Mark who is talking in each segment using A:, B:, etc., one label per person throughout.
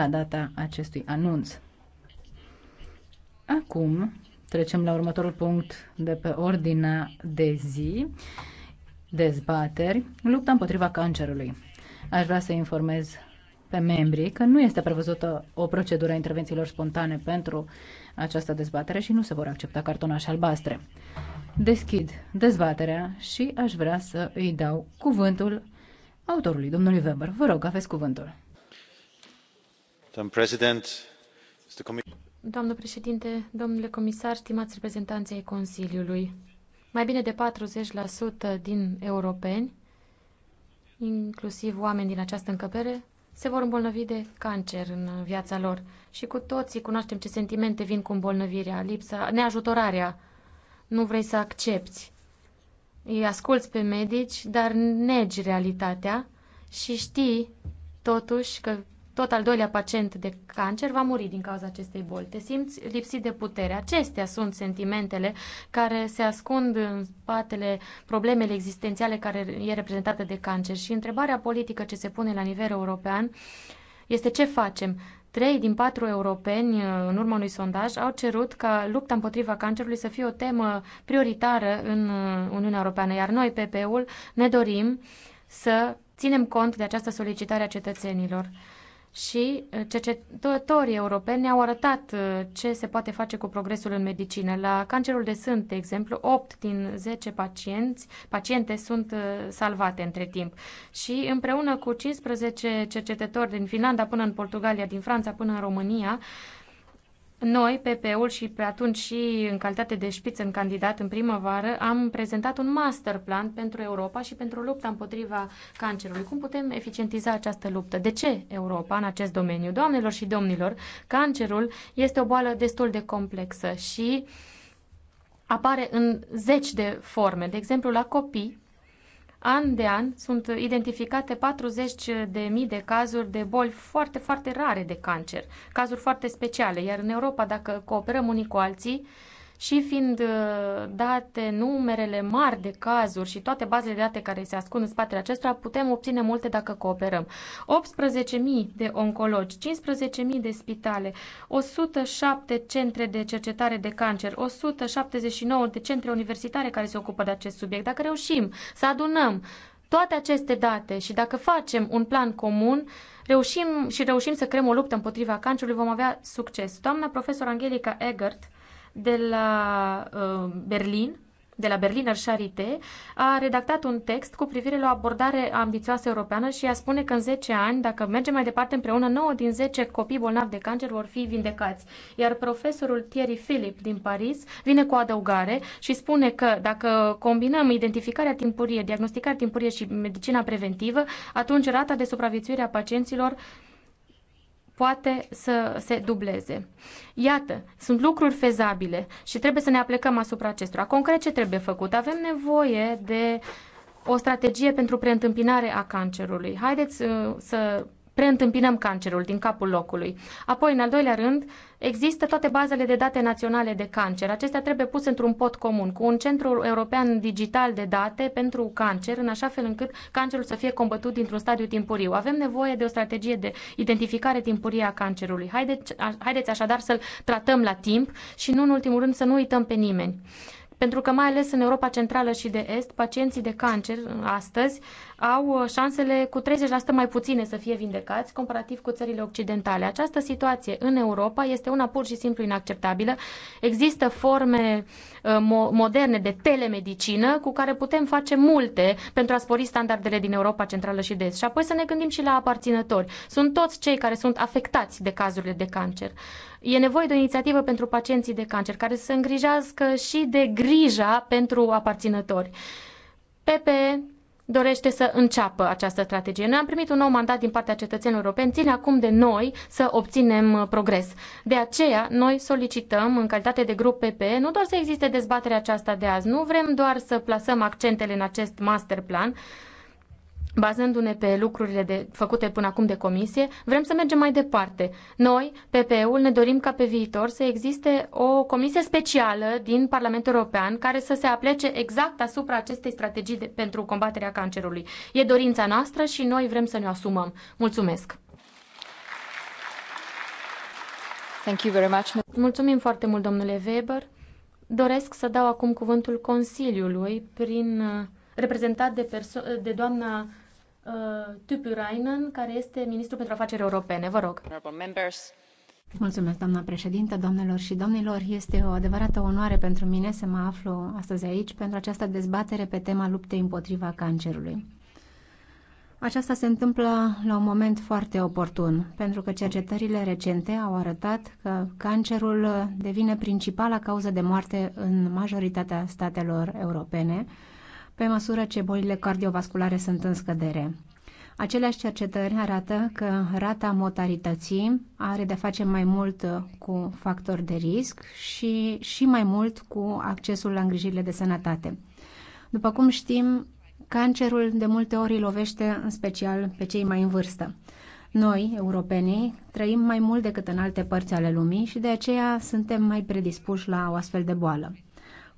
A: la data acestui anunț. Acum trecem la următorul punct de pe ordinea de zi, dezbateri, lupta împotriva cancerului. Aș vrea să informez pe membrii că nu este prevăzută o procedură a intervențiilor spontane pentru această dezbatere și nu se vor accepta cartonașe albastre. Deschid dezbaterea și aș vrea să îi dau
B: cuvântul autorului, domnului Weber. Vă rog, aveți cuvântul doamnă Președinte, domnule comisar stimați reprezentanți ai consiliului mai bine de patruzeci din europeni inclusiv oameni din această încăpere se vor îmbolnăvi de cancer în viața lor și cu toții cunoaștem ce sentimente vin cu îmbolnăvirea, lipsa, neajutorarea. Nu vrei să accepti. Îi asculți pe medici, dar negi realitatea și știi totuși că tot al doilea pacient de cancer va muri din cauza acestei boli. Te simți lipsit de putere. Acestea sunt sentimentele care se ascund în spatele problemele existențiale care e reprezentată de cancer. Și întrebarea politică ce se pune la nivel european este ce facem? Trei din patru europeni, în urma unui sondaj, au cerut ca lupta împotriva cancerului să fie o temă prioritară în Uniunea Europeană, iar noi, PP-ul, ne dorim să ținem cont de această solicitare a cetățenilor și uh, cercetătorii europeni ne-au arătat uh, ce se poate face cu progresul în medicină. La cancerul de sân, de exemplu, 8 din 10 pacienți, paciente sunt uh, salvate între timp. Și împreună cu 15 cercetători din Finlanda până în Portugalia, din Franța până în România, noi, PP-ul și pe atunci și în calitate de șpiță în candidat în primăvară, am prezentat un master plan pentru Europa și pentru lupta împotriva cancerului. Cum putem eficientiza această luptă? De ce Europa în acest domeniu? Doamnelor și domnilor, cancerul este o boală destul de complexă și apare în zeci de forme. De exemplu, la copii, An de an sunt identificate 40.000 de mii de cazuri de boli foarte, foarte rare de cancer, cazuri foarte speciale, iar în Europa, dacă cooperăm unii cu alții, și fiind uh, date numerele mari de cazuri și toate bazele de date care se ascund în spatele acestora, putem obține multe dacă cooperăm. 18.000 de oncologi, 15.000 de spitale, 107 centre de cercetare de cancer, 179 de centre universitare care se ocupă de acest subiect. Dacă reușim să adunăm toate aceste date și dacă facem un plan comun, reușim și reușim să creăm o luptă împotriva cancerului, vom avea succes. Doamna profesor Angelica Egert, de la uh, Berlin, de la Berliner Charité, a redactat un text cu privire la o abordare ambițioasă europeană și ea spune că în 10 ani, dacă mergem mai departe împreună, 9 din 10 copii bolnavi de cancer vor fi vindecați. Iar profesorul Thierry Philip din Paris vine cu o adăugare și spune că dacă combinăm identificarea timpurie, diagnosticarea timpurie și medicina preventivă, atunci rata de supraviețuire a pacienților uh, poate să se dubleze. Iată, sunt lucruri fezabile și trebuie să ne aplecăm asupra acestora. Concret, ce trebuie făcut? Avem nevoie de o strategie pentru preîntâmpinare a cancerului. Haideți uh, să preîntâmpinăm cancerul din capul locului. Apoi, în al doilea rând, există toate bazele de date naționale de cancer. Acestea trebuie puse într-un pot comun cu un centru european digital de date pentru cancer, în așa fel încât cancerul să fie combătut dintr-un stadiu timpuriu. Avem nevoie de o strategie de identificare timpurie a cancerului. Haideți, haideți așadar să-l tratăm la timp și nu în ultimul rând să nu uităm pe nimeni pentru că mai ales în Europa Centrală și de Est, pacienții de cancer uh, astăzi au uh, șansele cu 30% mai puține să fie vindecați comparativ cu țările occidentale. Această situație în Europa este una pur și simplu inacceptabilă. Există forme uh, moderne de telemedicină cu care putem face multe pentru a spori standardele din Europa Centrală și de Est. Și apoi să ne gândim și la aparținători. Sunt toți cei care sunt afectați de cazurile de cancer. E nevoie de o inițiativă pentru pacienții de cancer care să se îngrijească și de grija pentru aparținători. PPE dorește să înceapă această strategie. Noi am primit un nou mandat din partea cetățenilor europeni, ține acum de noi să obținem uh, progres. De aceea, noi solicităm, în calitate de grup PP, nu doar să existe dezbaterea aceasta de azi, nu vrem doar să plasăm accentele în acest master plan, bazându-ne pe lucrurile de, făcute până acum de comisie, vrem să mergem mai departe. Noi, PPE-ul, ne dorim ca pe viitor să existe o comisie specială din Parlamentul European care să se aplece exact asupra acestei strategii de, pentru combaterea cancerului. E dorința noastră și noi vrem să ne asumăm. Mulțumesc! Thank you very much. Mulțumim foarte mult, domnule Weber. Doresc să dau acum cuvântul Consiliului prin uh, reprezentat de, de doamna uh, Tupurainen, care este ministru pentru afaceri europene. Vă rog.
C: Mulțumesc, doamna președintă, doamnelor și domnilor. Este o adevărată onoare pentru mine să mă aflu astăzi aici pentru această dezbatere pe tema luptei împotriva cancerului. Aceasta se întâmplă la un moment foarte oportun, pentru că cercetările recente au arătat că cancerul devine principala cauză de moarte în majoritatea statelor europene, pe măsură ce bolile cardiovasculare sunt în scădere. Aceleași cercetări arată că rata mortalității are de face mai mult cu factori de risc și, și mai mult cu accesul la îngrijirile de sănătate. După cum știm, cancerul de multe ori lovește în special pe cei mai în vârstă. Noi, europenii, trăim mai mult decât în alte părți ale lumii și de aceea suntem mai predispuși la o astfel de boală.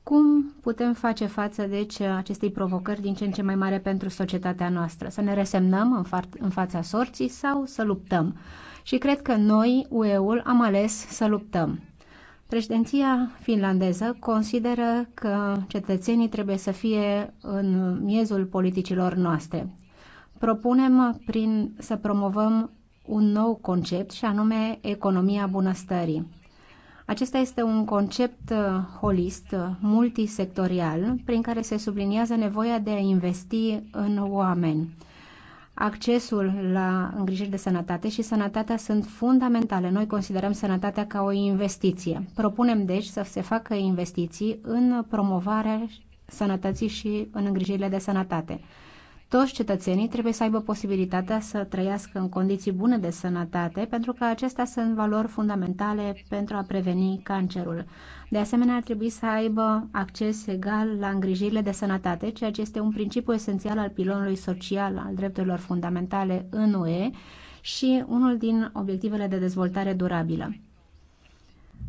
C: Cum putem face față, deci, acestei provocări din ce în ce mai mare pentru societatea noastră? Să ne resemnăm în, fa- în fața sorții sau să luptăm? Și cred că noi, UE-ul, am ales să luptăm. Președinția finlandeză consideră că cetățenii trebuie să fie în miezul politicilor noastre. Propunem prin să promovăm un nou concept și anume economia bunăstării acesta este un concept uh, holist, uh, multisectorial, prin care se subliniază nevoia de a investi în oameni. Accesul la îngrijiri de sănătate și sănătatea sunt fundamentale. Noi considerăm sănătatea ca o investiție. Propunem, deci, să se facă investiții în promovarea sănătății și în îngrijirile de sănătate. Toți cetățenii trebuie să aibă posibilitatea să trăiască în condiții bune de sănătate, pentru că acestea sunt valori fundamentale pentru a preveni cancerul. De asemenea, ar trebui să aibă acces egal la îngrijirile de sănătate, ceea ce este un principiu esențial al pilonului social al drepturilor fundamentale în UE și unul din obiectivele de dezvoltare durabilă.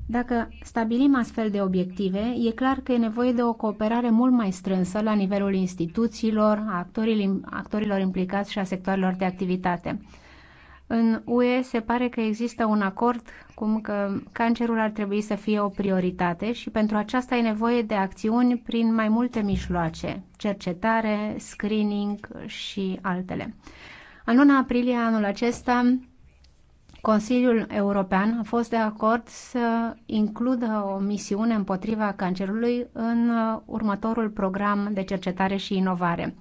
C: Dacă stabilim astfel de obiective, e clar că e nevoie de o cooperare mult mai strânsă la nivelul instituțiilor, a actorilor implicați și a sectoarelor de activitate. În UE se pare că există un acord cum că cancerul ar trebui să fie o prioritate și pentru aceasta e nevoie de acțiuni prin mai multe mijloace, cercetare, screening și altele. În luna aprilie anul acesta, Consiliul European a fost de acord să includă o misiune împotriva cancerului în uh, următorul program de cercetare și inovare.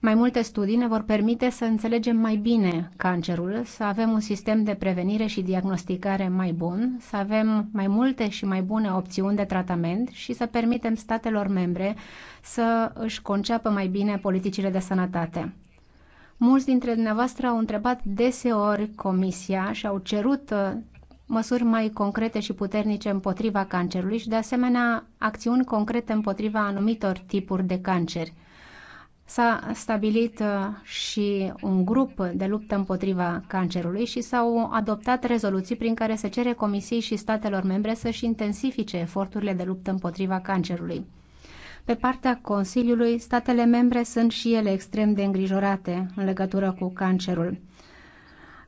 C: Mai multe studii ne vor permite să înțelegem mai bine cancerul, să avem un sistem de prevenire și diagnosticare mai bun, să avem mai multe și mai bune opțiuni de tratament și să permitem statelor membre să își conceapă mai bine politicile de sănătate. Mulți dintre dumneavoastră au întrebat deseori Comisia și au cerut uh, măsuri mai concrete și puternice împotriva cancerului și, de asemenea, acțiuni concrete împotriva anumitor tipuri de cancer. S-a stabilit uh, și un grup de luptă împotriva cancerului și s-au adoptat rezoluții prin care se cere Comisiei și statelor membre să-și intensifice eforturile de luptă împotriva cancerului. Pe partea Consiliului, statele membre sunt și ele extrem de îngrijorate în legătură cu cancerul.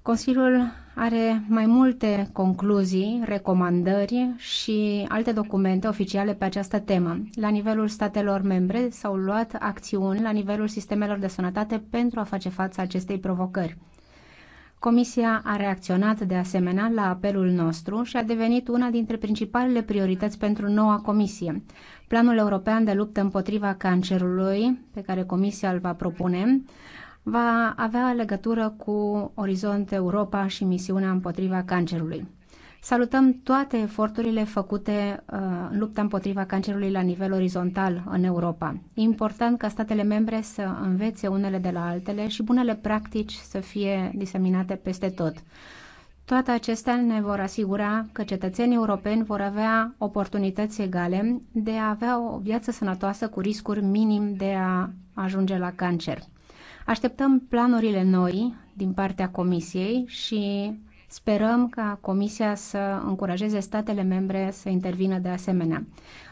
C: Consiliul are mai multe concluzii, recomandări și alte documente oficiale pe această temă. La nivelul statelor membre s-au luat acțiuni la nivelul sistemelor de sănătate pentru a face față acestei provocări. Comisia a reacționat de asemenea la apelul nostru și a devenit una dintre principalele priorități pentru noua Comisie. Planul European de luptă împotriva cancerului, pe care Comisia îl va propune, va avea legătură cu Orizont Europa și misiunea împotriva cancerului. Salutăm toate eforturile făcute uh, în lupta împotriva cancerului la nivel orizontal în Europa. E important ca statele membre să învețe unele de la altele și bunele practici să fie diseminate peste tot. Toate acestea ne vor asigura că cetățenii europeni vor avea oportunități egale de a avea o viață sănătoasă cu riscuri minim de a ajunge la cancer. Așteptăm planurile noi din partea Comisiei și Sperăm ca Comisia să încurajeze statele membre să intervină de asemenea.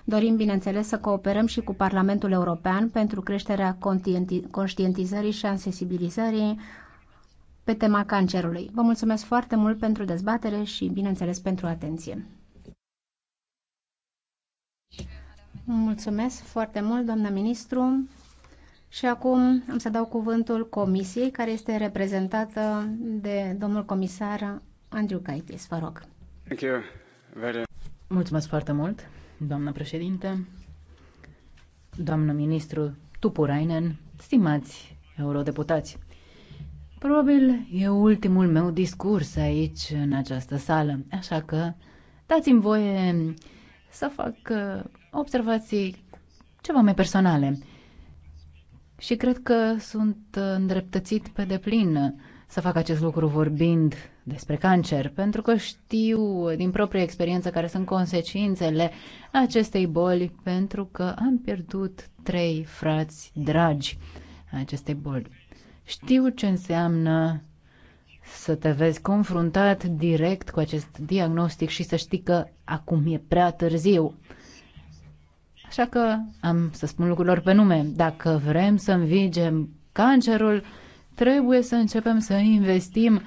C: Dorim, bineînțeles, să cooperăm și cu Parlamentul European pentru creșterea conștientizării și a sensibilizării pe tema cancerului. Vă mulțumesc foarte mult pentru dezbatere și, bineînțeles, pentru atenție. Mulțumesc foarte mult, doamna ministru. Și acum am să dau cuvântul comisiei, care este reprezentată de domnul comisar Andrew Kaitis, vă rog.
A: Thank you very...
C: Mulțumesc foarte mult, doamnă președinte,
A: doamnă ministru Tupurainen, stimați eurodeputați. Probabil e ultimul meu discurs aici, în această sală, așa că dați-mi voie să fac uh, observații ceva mai personale. Și cred că sunt uh, îndreptățit pe deplin să fac acest lucru vorbind despre cancer, pentru că știu din proprie experiență care sunt consecințele acestei boli, pentru că am pierdut trei frați dragi acestei boli. Știu ce înseamnă să te vezi confruntat direct cu acest diagnostic și să știi că acum e prea târziu. Așa că am să spun lucrurilor pe nume. Dacă vrem să învingem cancerul, trebuie să începem să investim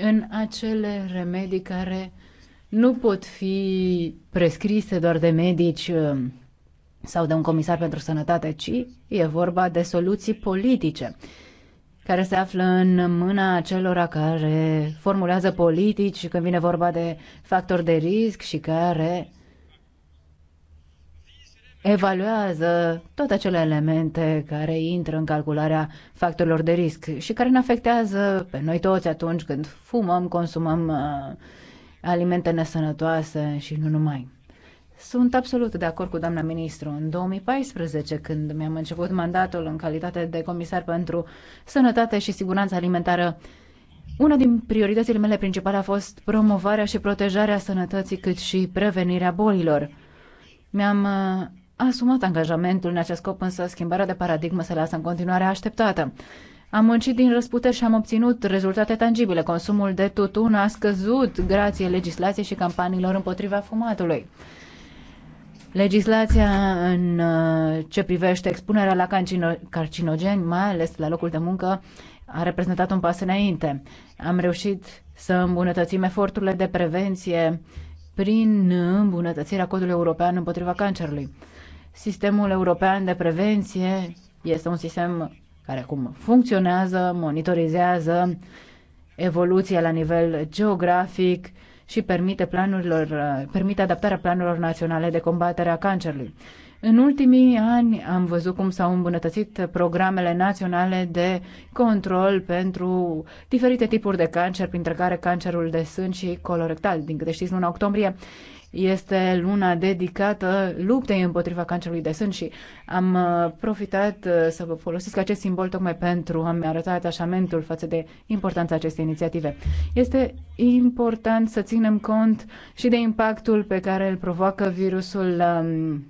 A: în acele remedii care nu pot fi prescrise doar de medici uh, sau de un comisar pentru sănătate, ci e vorba de soluții politice care se află în mâna celora care formulează politici când vine vorba de factori de risc și care evaluează toate acele elemente care intră în calcularea factorilor de risc și care ne afectează pe noi toți atunci când fumăm, consumăm uh, alimente nesănătoase și nu numai. Sunt absolut de acord cu doamna ministru. În 2014, când mi-am început mandatul în calitate de comisar pentru sănătate și siguranță alimentară, una din prioritățile mele principale a fost promovarea și protejarea sănătății, cât și prevenirea bolilor. Mi-am uh, asumat angajamentul în acest scop, însă schimbarea de paradigmă se lasă în continuare așteptată. Am muncit din răsputeri și am obținut rezultate tangibile. Consumul de tutun a scăzut grație legislației și campaniilor împotriva fumatului. Legislația în uh, ce privește expunerea la carcinogeni, mai ales la locul de muncă, a reprezentat un pas înainte. Am reușit să îmbunătățim eforturile de prevenție prin îmbunătățirea codului european împotriva cancerului. Sistemul european de prevenție este un sistem care acum funcționează, monitorizează evoluția la nivel geografic și permite, planurilor, permite adaptarea planurilor naționale de combatere a cancerului. În ultimii ani am văzut cum s-au îmbunătățit programele naționale de control pentru diferite tipuri de cancer, printre care cancerul de sân și colorectal. Din câte știți, luna octombrie este luna dedicată luptei împotriva cancerului de sân și am uh, profitat uh, să vă folosesc acest simbol tocmai pentru a-mi arăta atașamentul față de importanța acestei inițiative. Este important să ținem cont și de impactul pe care îl provoacă virusul um,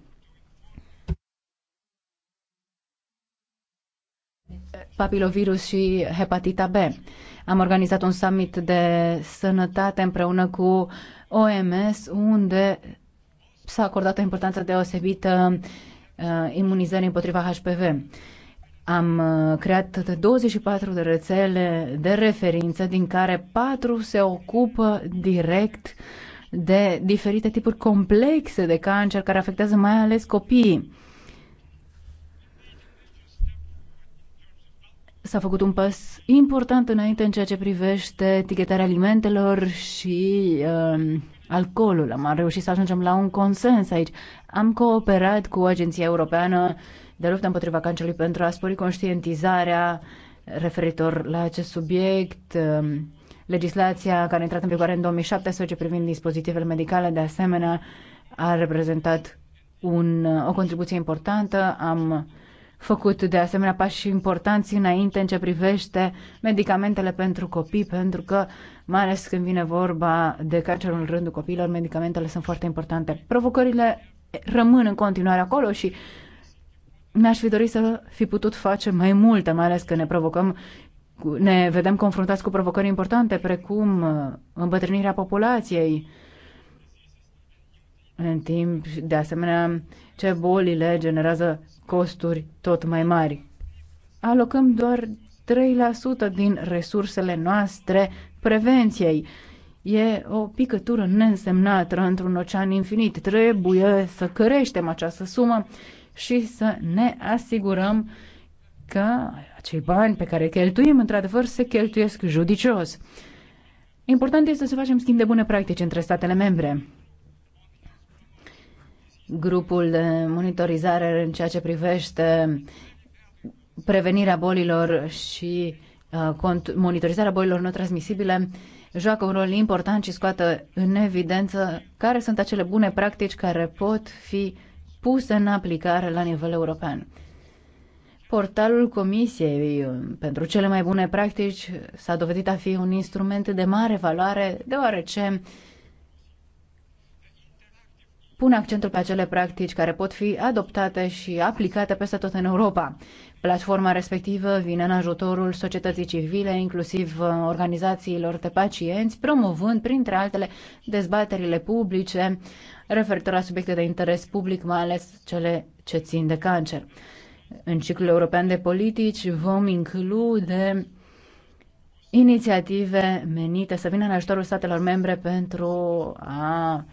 A: papilovirus și hepatita B. Am organizat un summit de sănătate împreună cu OMS, unde s-a acordat o importanță deosebită uh, imunizării împotriva HPV. Am uh, creat 24 de rețele de referință, din care 4 se ocupă direct de diferite tipuri complexe de cancer care afectează mai ales copiii. S-a făcut un pas important înainte în ceea ce privește etichetarea alimentelor și uh, alcoolul. Am reușit să ajungem la un consens aici. Am cooperat cu Agenția Europeană de Luptă împotriva Cancerului pentru a spori conștientizarea referitor la acest subiect. Uh, legislația care a intrat în vigoare în 2017 privind dispozitivele medicale, de asemenea, a reprezentat un, o contribuție importantă. Am făcut de asemenea pași importanți înainte în ce privește medicamentele pentru copii, pentru că, mai ales când vine vorba de cancerul în rândul copiilor, medicamentele sunt foarte importante. Provocările rămân în continuare acolo și mi-aș fi dorit să fi putut face mai multe, mai ales că ne provocăm ne vedem confruntați cu provocări importante, precum uh, îmbătrânirea populației. În timp, de asemenea, ce bolile generează costuri tot mai mari. Alocăm doar 3% din resursele noastre prevenției. E o picătură neînsemnată într-un ocean infinit. Trebuie să creștem această sumă și să ne asigurăm că acei bani pe care îi cheltuim, într-adevăr, se cheltuiesc judicios. Important este să facem schimb de bune practici între statele membre grupul de monitorizare în ceea ce privește prevenirea bolilor și uh, monitorizarea bolilor netransmisibile joacă un rol important și scoată în evidență care sunt acele bune practici care pot fi puse în aplicare la nivel european. Portalul Comisiei um, pentru cele mai bune practici s-a dovedit a fi un instrument de mare valoare, deoarece pune accentul pe acele practici care pot fi adoptate și aplicate peste tot în Europa. Platforma respectivă vine în ajutorul societății civile, inclusiv uh, organizațiilor de pacienți, promovând, printre altele, dezbaterile publice referitor la subiecte de interes public, mai ales cele ce țin de cancer. În ciclul european de politici vom include inițiative menite să vină în ajutorul statelor membre pentru a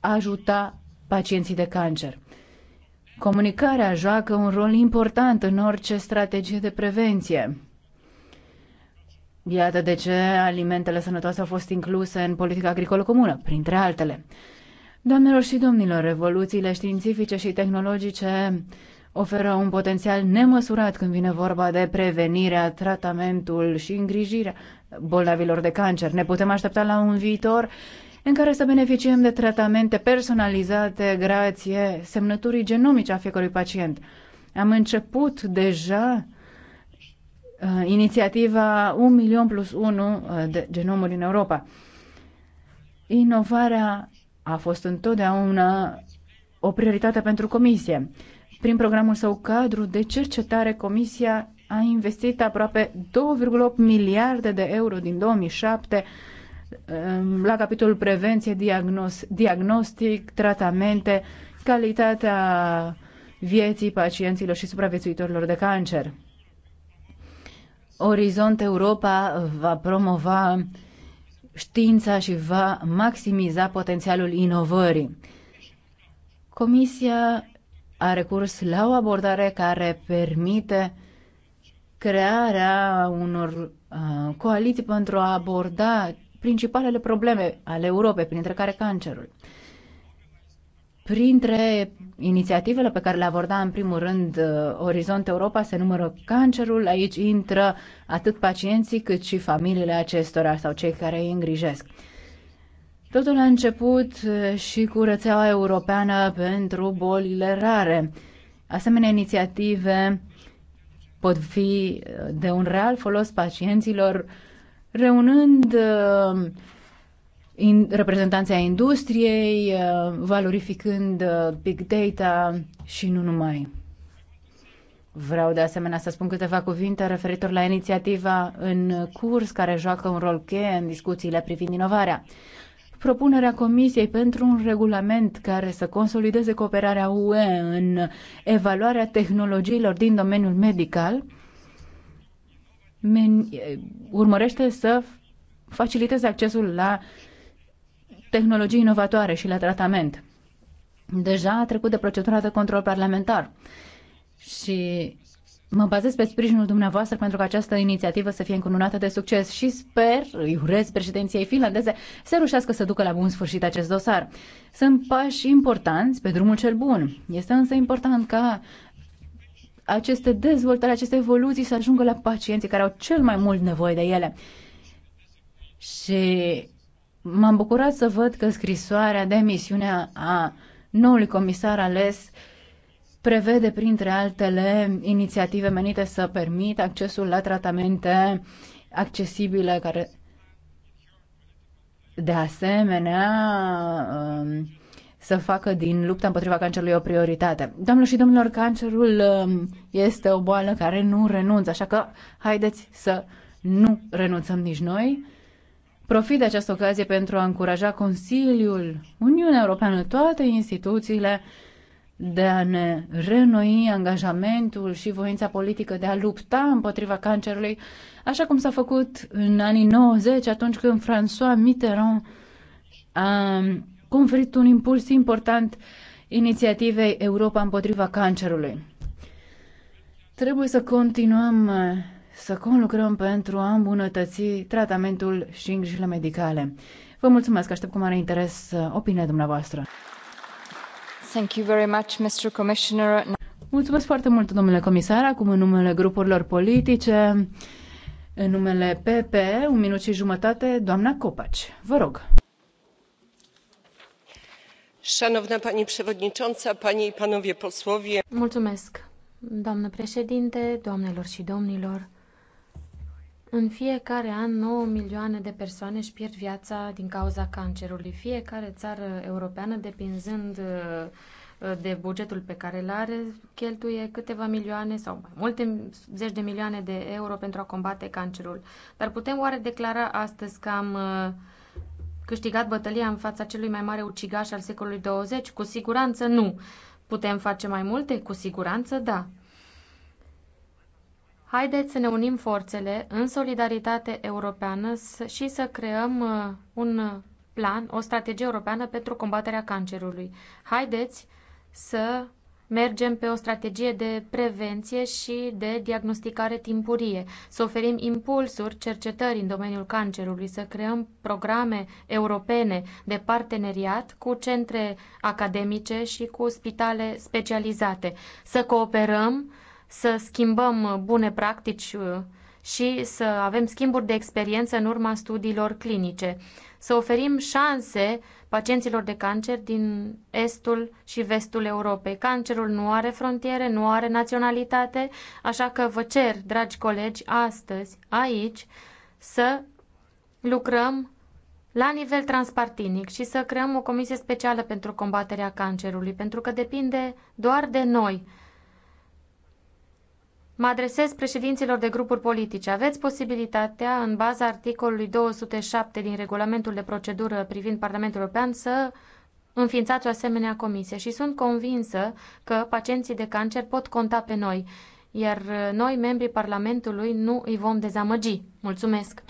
A: ajuta pacienții de cancer. Comunicarea joacă un rol important în orice strategie de prevenție. Iată de ce alimentele sănătoase au fost incluse în politica agricolă comună, printre altele. Doamnelor și domnilor, revoluțiile științifice și tehnologice oferă un potențial nemăsurat când vine vorba de prevenirea, tratamentul și îngrijirea bolnavilor de cancer. Ne putem aștepta la un viitor în care să beneficiem de tratamente personalizate grație semnăturii genomice a fiecărui pacient. Am început deja uh, inițiativa 1 milion plus 1 uh, de genomuri în Europa. Inovarea a fost întotdeauna o prioritate pentru Comisie. Prin programul său cadru de cercetare, Comisia a investit aproape 2,8 miliarde de euro din 2007 Ehm, la capitolul prevenție, diagnos, diagnostic, tratamente, calitatea vieții pacienților și supraviețuitorilor de cancer. Orizont Europa va promova știința și va maximiza potențialul inovării. Comisia a recurs la o abordare care permite crearea unor uh, coaliții pentru a aborda principalele probleme ale Europei, printre care cancerul. Printre inițiativele pe care le aborda în primul rând uh, Orizont Europa se numără cancerul, aici intră atât pacienții cât și familiile acestora sau cei care îi îngrijesc. Totul a început uh, și cu rețeaua europeană pentru bolile rare. Asemenea, inițiative pot fi uh, de un real folos pacienților reunând uh, in, reprezentanții industriei, uh, valorificând uh, big data și nu numai. Vreau de asemenea să spun câteva cuvinte referitor la inițiativa în curs care joacă un rol cheie în discuțiile privind inovarea. Propunerea Comisiei pentru un regulament care să consolideze cooperarea UE în evaluarea tehnologiilor din domeniul medical urmărește să faciliteze accesul la tehnologii inovatoare și la tratament. Deja a trecut de procedura de control parlamentar și mă bazez pe sprijinul dumneavoastră pentru că această inițiativă să fie încununată de succes și sper, îi urez președinției finlandeze, să rușească să ducă la bun sfârșit acest dosar. Sunt pași importanți pe drumul cel bun. Este însă important ca aceste dezvoltări, aceste evoluții să ajungă la pacienții care au cel mai mult nevoie de ele. Și m-am bucurat să văd că scrisoarea de misiune a noului comisar ales prevede, printre altele, inițiative menite să permită accesul la tratamente accesibile care de asemenea um, să facă din lupta împotriva cancerului o prioritate. Doamnelor și domnilor, cancerul um, este o boală care nu renunță, așa că haideți să nu renunțăm nici noi. Profit de această ocazie pentru a încuraja Consiliul, Uniunea Europeană, toate instituțiile de a ne renoi angajamentul și voința politică de a lupta împotriva cancerului, așa cum s-a făcut în anii 90, atunci când François Mitterrand a conferit un impuls important inițiativei Europa împotriva cancerului. Trebuie să continuăm să conlucrăm pentru a îmbunătăți tratamentul și îngrijirile medicale. Vă mulțumesc, aștept cu mare interes uh, opinia dumneavoastră. Thank you very much, Mr. Commissioner. Mulțumesc foarte mult, domnule comisar, acum în numele grupurilor politice, în numele PP, un minut și jumătate, doamna Copaci. Vă rog.
B: Mulțumesc, doamnă președinte, doamnelor și domnilor. În fiecare an, 9 milioane de persoane își pierd viața din cauza cancerului. Fiecare țară europeană, depinzând uh, de bugetul pe care îl are, cheltuie câteva milioane sau mai multe zeci de milioane de euro pentru a combate cancerul. Dar putem oare declara astăzi că am uh, câștigat bătălia în fața celui mai mare ucigaș al secolului 20? Cu siguranță nu. Putem face mai multe? Cu siguranță da. Haideți să ne unim forțele în solidaritate europeană și să creăm uh, un uh, plan, o strategie europeană pentru combaterea cancerului. Haideți să mergem pe o strategie de prevenție și de diagnosticare timpurie, să oferim impulsuri cercetării în domeniul cancerului, să creăm programe europene de parteneriat cu centre academice și cu spitale specializate, să cooperăm, să schimbăm bune practici uh, și să avem schimburi de experiență în urma studiilor clinice, să oferim șanse pacienților de cancer din estul și vestul Europei. Cancerul nu are frontiere, nu are naționalitate, așa că vă cer, dragi colegi, astăzi, aici, să lucrăm la nivel transpartinic și să creăm o comisie specială pentru combaterea cancerului, pentru că depinde doar de noi Mă adresez președinților de grupuri politice. Aveți posibilitatea, în baza articolului 207 din regulamentul de procedură privind Parlamentul European, să înființați o asemenea comisie și sunt convinsă că pacienții de cancer pot conta pe noi, iar noi, membrii Parlamentului, nu îi vom dezamăgi. Mulțumesc!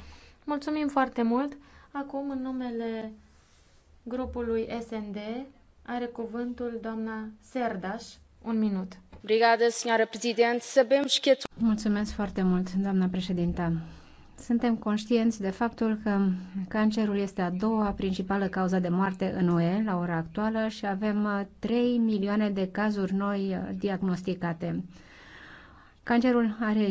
B: Mulțumim foarte mult! Acum, în numele grupului SND, are cuvântul doamna Serdaș.
C: Un minut. Mulțumesc foarte mult, doamna președintă. Suntem conștienți de faptul că cancerul este a doua principală cauză de moarte în UE la ora actuală și avem 3 uh, milioane de cazuri noi uh, diagnosticate. Cancerul are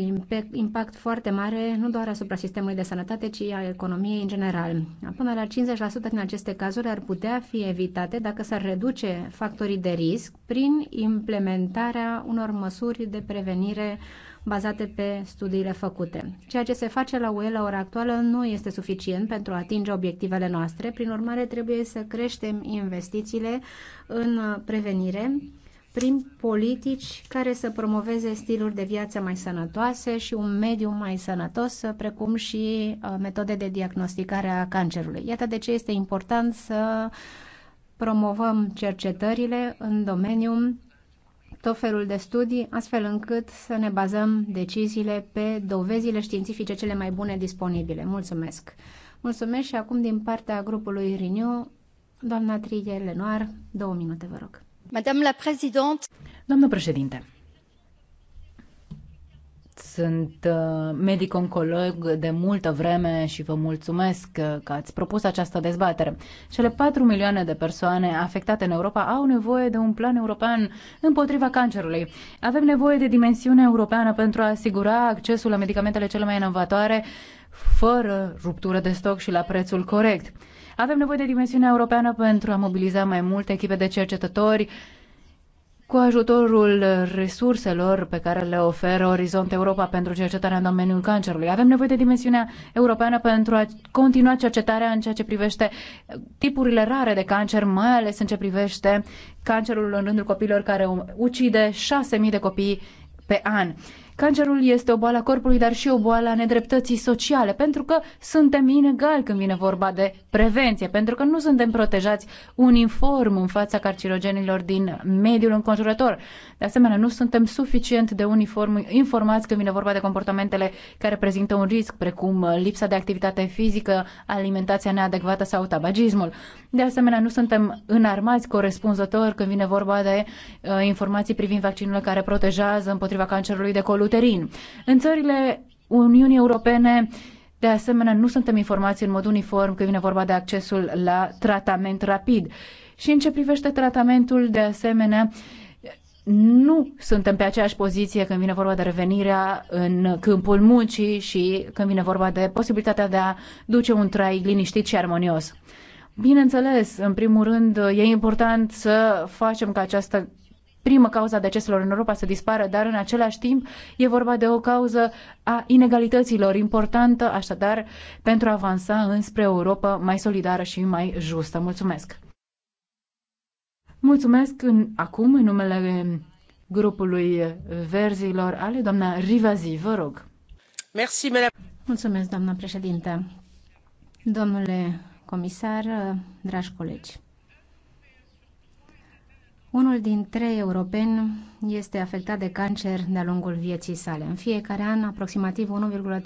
C: impact, foarte mare nu doar asupra sistemului de sănătate, ci a economiei în general. Până la 50% din aceste cazuri ar putea fi evitate dacă s-ar reduce factorii de risc prin implementarea unor măsuri de prevenire bazate pe studiile făcute. Ceea ce se face la UE la ora actuală nu este suficient pentru a atinge obiectivele noastre, prin urmare trebuie să creștem investițiile în prevenire prin politici care să promoveze stiluri de viață mai sănătoase și un mediu mai sănătos, precum și uh, metode de diagnosticare a cancerului. Iată de ce este important să promovăm cercetările în domeniul tot felul de studii, astfel încât să ne bazăm deciziile pe dovezile științifice cele mai bune disponibile. Mulțumesc! Mulțumesc și acum din partea grupului Renew, doamna Trie Lenoir, două minute, vă rog.
A: Doamnă președinte, sunt uh, medic-oncolog de multă vreme și vă mulțumesc uh, că ați propus această dezbatere. Cele 4 milioane de persoane afectate în Europa au nevoie de un plan european împotriva cancerului. Avem nevoie de dimensiune europeană pentru a asigura accesul la medicamentele cele mai inovatoare fără ruptură de stoc și la prețul corect. Avem nevoie de dimensiunea europeană pentru a mobiliza mai multe echipe de cercetători cu ajutorul resurselor pe care le oferă Orizont Europa pentru cercetarea în domeniul cancerului. Avem nevoie de dimensiunea europeană pentru a continua cercetarea în ceea ce privește tipurile rare de cancer, mai ales în ce privește cancerul în rândul copiilor care ucide 6.000 de copii pe an. Cancerul este o boală a corpului, dar și o boală a nedreptății sociale, pentru că suntem inegali când vine vorba de prevenție, pentru că nu suntem protejați uniform în fața carcinogenilor din mediul înconjurător. De asemenea, nu suntem suficient de uniform informați când vine vorba de comportamentele care prezintă un risc, precum lipsa de activitate fizică, alimentația neadecvată sau tabagismul. De asemenea, nu suntem înarmați corespunzător când vine vorba de uh, informații privind vaccinurile care protejează împotriva cancerului de coluterin. În țările Uniunii Europene, de asemenea, nu suntem informați în mod uniform când vine vorba de accesul la tratament rapid. Și în ce privește tratamentul, de asemenea, nu suntem pe aceeași poziție când vine vorba de revenirea în câmpul muncii și când vine vorba de posibilitatea de a duce un trai liniștit și armonios. Bineînțeles, în primul rând, e important să facem ca această primă cauza a deceselor în Europa să dispară, dar în același timp e vorba de o cauză a inegalităților importantă, așadar, pentru a avansa înspre Europa mai solidară și mai justă. Mulțumesc! Mulțumesc în, acum în numele
C: grupului verzilor ale doamna Rivazi, vă rog. Mulțumesc, doamna președinte. Domnule comisar, dragi colegi, unul din trei europeni este afectat de cancer de-a lungul vieții sale. În fiecare an, aproximativ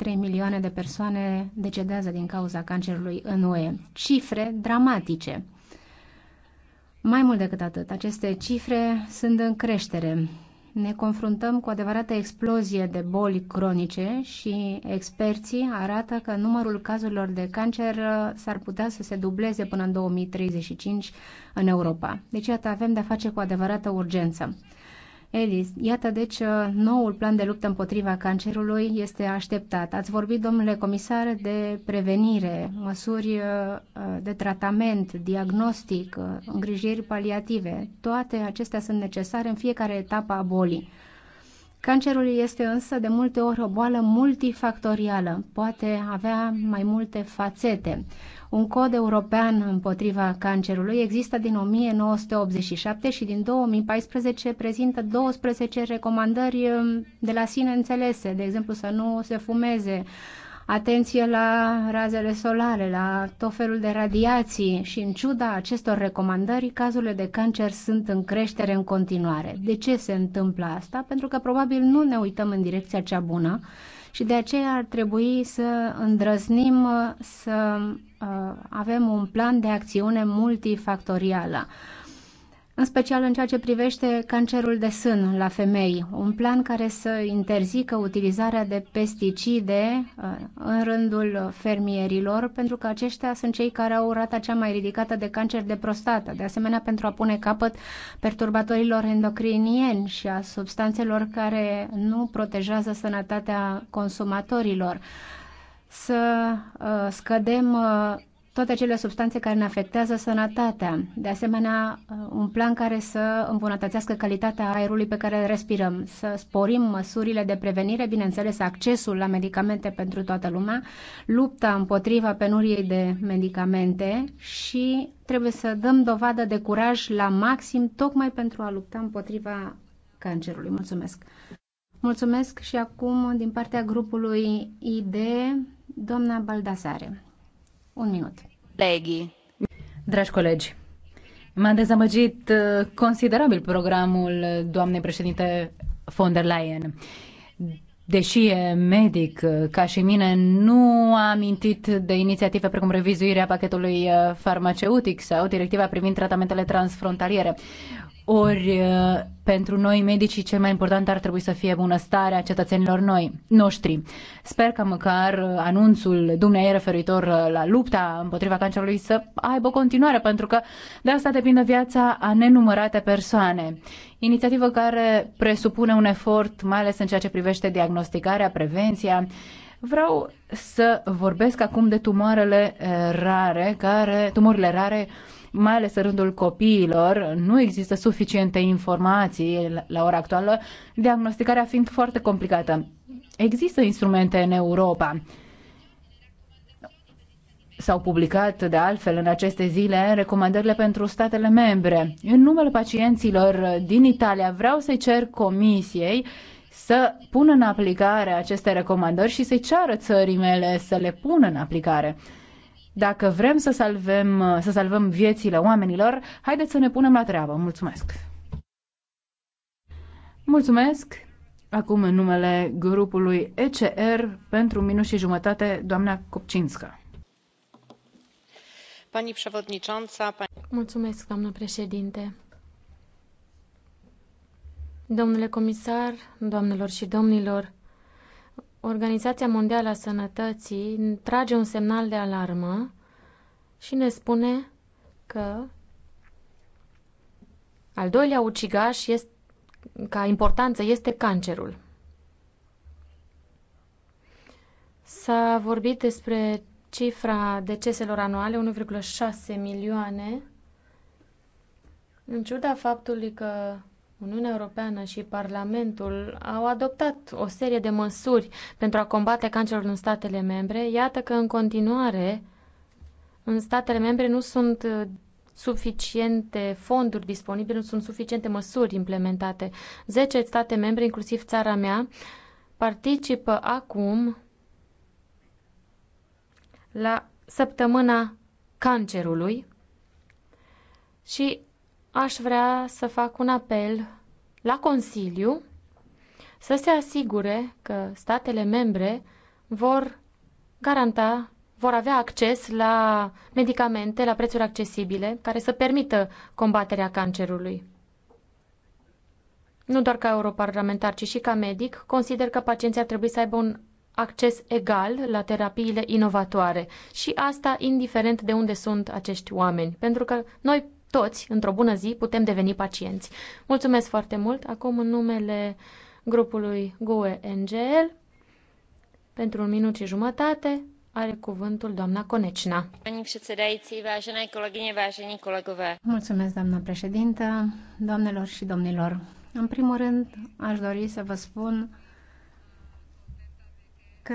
C: 1,3 milioane de persoane decedează din cauza cancerului în UE. Cifre dramatice. Mai mult decât atât, aceste cifre sunt în creștere ne confruntăm cu adevărată explozie de boli cronice și experții arată că numărul cazurilor de cancer uh, s-ar putea să se dubleze până în 2035 în Europa. Deci, iată, avem de-a face cu adevărată urgență. ELIS. Iată deci uh, noul plan de luptă împotriva cancerului este așteptat. Ați vorbit, domnule comisar, de prevenire, măsuri uh, uh, de tratament, diagnostic, îngrijiri paliative. Toate acestea sunt necesare în fiecare etapă a bolii. Cancerul este însă de multe ori o boală multifactorială, poate avea mai multe fațete. Un cod european împotriva cancerului există din 1987 și din 2014 prezintă 12 recomandări um, de la sine înțelese, de exemplu să nu se fumeze, atenție la razele solare, la tot felul de radiații și în ciuda acestor recomandări, cazurile de cancer sunt în creștere în continuare. De ce se întâmplă asta? Pentru că probabil nu ne uităm în direcția cea bună și de aceea ar trebui să îndrăznim să Uh, avem un plan de acțiune multifactorială în special în ceea ce privește cancerul de sân la femei, un plan care să interzică utilizarea de pesticide uh, în rândul fermierilor, pentru că aceștia sunt cei care au rata cea mai ridicată de cancer de prostată, de asemenea pentru a pune capăt perturbatorilor endocrinieni și a substanțelor care nu protejează sănătatea consumatorilor să uh, scădem uh, toate acele substanțe care ne afectează sănătatea. De asemenea, uh, un plan care să îmbunătățească calitatea aerului pe care respirăm, să sporim măsurile de prevenire, bineînțeles, accesul la medicamente pentru toată lumea, lupta împotriva penuriei de medicamente și trebuie să dăm dovadă de curaj la maxim, tocmai pentru a lupta împotriva cancerului. Mulțumesc! Mulțumesc și acum din partea grupului ID, doamna Baldasare. Un minut.
A: Leghi. Dragi colegi, m-a dezamăgit uh, considerabil programul doamnei președinte von der Leyen deși e medic uh, ca și mine, nu a amintit de inițiative precum revizuirea pachetului uh, farmaceutic sau directiva privind tratamentele transfrontaliere. Ori, uh, pentru noi, medicii, cel mai important ar trebui să fie bunăstarea cetățenilor noi, noștri. Sper că măcar uh, anunțul dumneai referitor uh, la lupta împotriva cancerului să aibă continuare, pentru că de asta depinde viața a nenumărate persoane. Inițiativă care presupune un efort, mai ales în ceea ce privește diagnosticarea, prevenția, Vreau să vorbesc acum de tumoarele rare, care, tumorile rare mai ales în rândul copiilor, nu există suficiente informații la ora actuală, diagnosticarea fiind foarte complicată. Există instrumente în Europa. S-au publicat, de altfel, în aceste zile recomandările pentru statele membre. În numele pacienților din Italia vreau să-i cer comisiei să pună în aplicare aceste recomandări și să-i ceară țării mele să le pună în aplicare. Dacă vrem să salvăm, să salvăm viețile oamenilor, haideți să ne punem la treabă. Mulțumesc! Mulțumesc! Acum în numele grupului ECR pentru minus și
B: jumătate, doamna Copcinscă.
C: Pani przewodnicząca,
B: pani... Mulțumesc, doamnă președinte. Domnule comisar, doamnelor și domnilor, Organizația Mondială a Sănătății trage un semnal de alarmă și ne spune că al doilea ucigaș este, ca importanță este cancerul. S-a vorbit despre cifra deceselor anuale, 1,6 milioane, în ciuda faptului că Uniunea Europeană și Parlamentul au adoptat o serie de măsuri pentru a combate cancerul în statele membre. Iată că în continuare în statele membre nu sunt uh, suficiente fonduri disponibile, nu sunt suficiente măsuri implementate. Zece state membre, inclusiv țara mea, participă acum la săptămâna cancerului și aș vrea să fac un apel la Consiliu să se asigure că statele membre vor garanta, vor avea acces la medicamente la prețuri accesibile care să permită combaterea cancerului. Nu doar ca europarlamentar, ci și ca medic, consider că pacienții ar trebui să aibă un acces egal la terapiile inovatoare și asta indiferent de unde sunt acești oameni, pentru că noi toți, într-o bună zi, putem deveni pacienți. Mulțumesc foarte mult. Acum, în numele grupului GUE NGL, pentru un minut și jumătate, are cuvântul doamna Conecina.
C: Mulțumesc, doamna președintă, doamnelor și domnilor. În primul rând, aș dori să vă spun că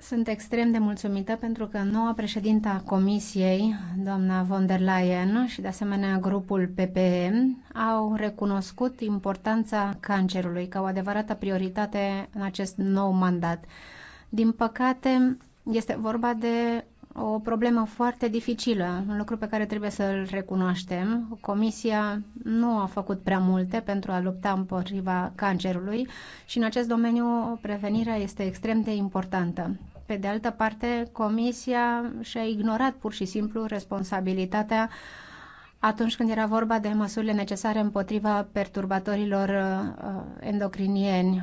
C: sunt extrem de mulțumită pentru că noua președintă a Comisiei, doamna von der Leyen și de asemenea grupul PPE au recunoscut importanța cancerului ca o adevărată prioritate în acest nou mandat. Din păcate, este vorba de o problemă foarte dificilă, un lucru pe care trebuie să-l recunoaștem. Comisia nu a făcut prea multe pentru a lupta împotriva cancerului și în acest domeniu prevenirea este extrem de importantă. Pe de altă parte, Comisia și-a ignorat pur și simplu responsabilitatea atunci când era vorba de măsurile necesare împotriva perturbatorilor uh, endocrinieni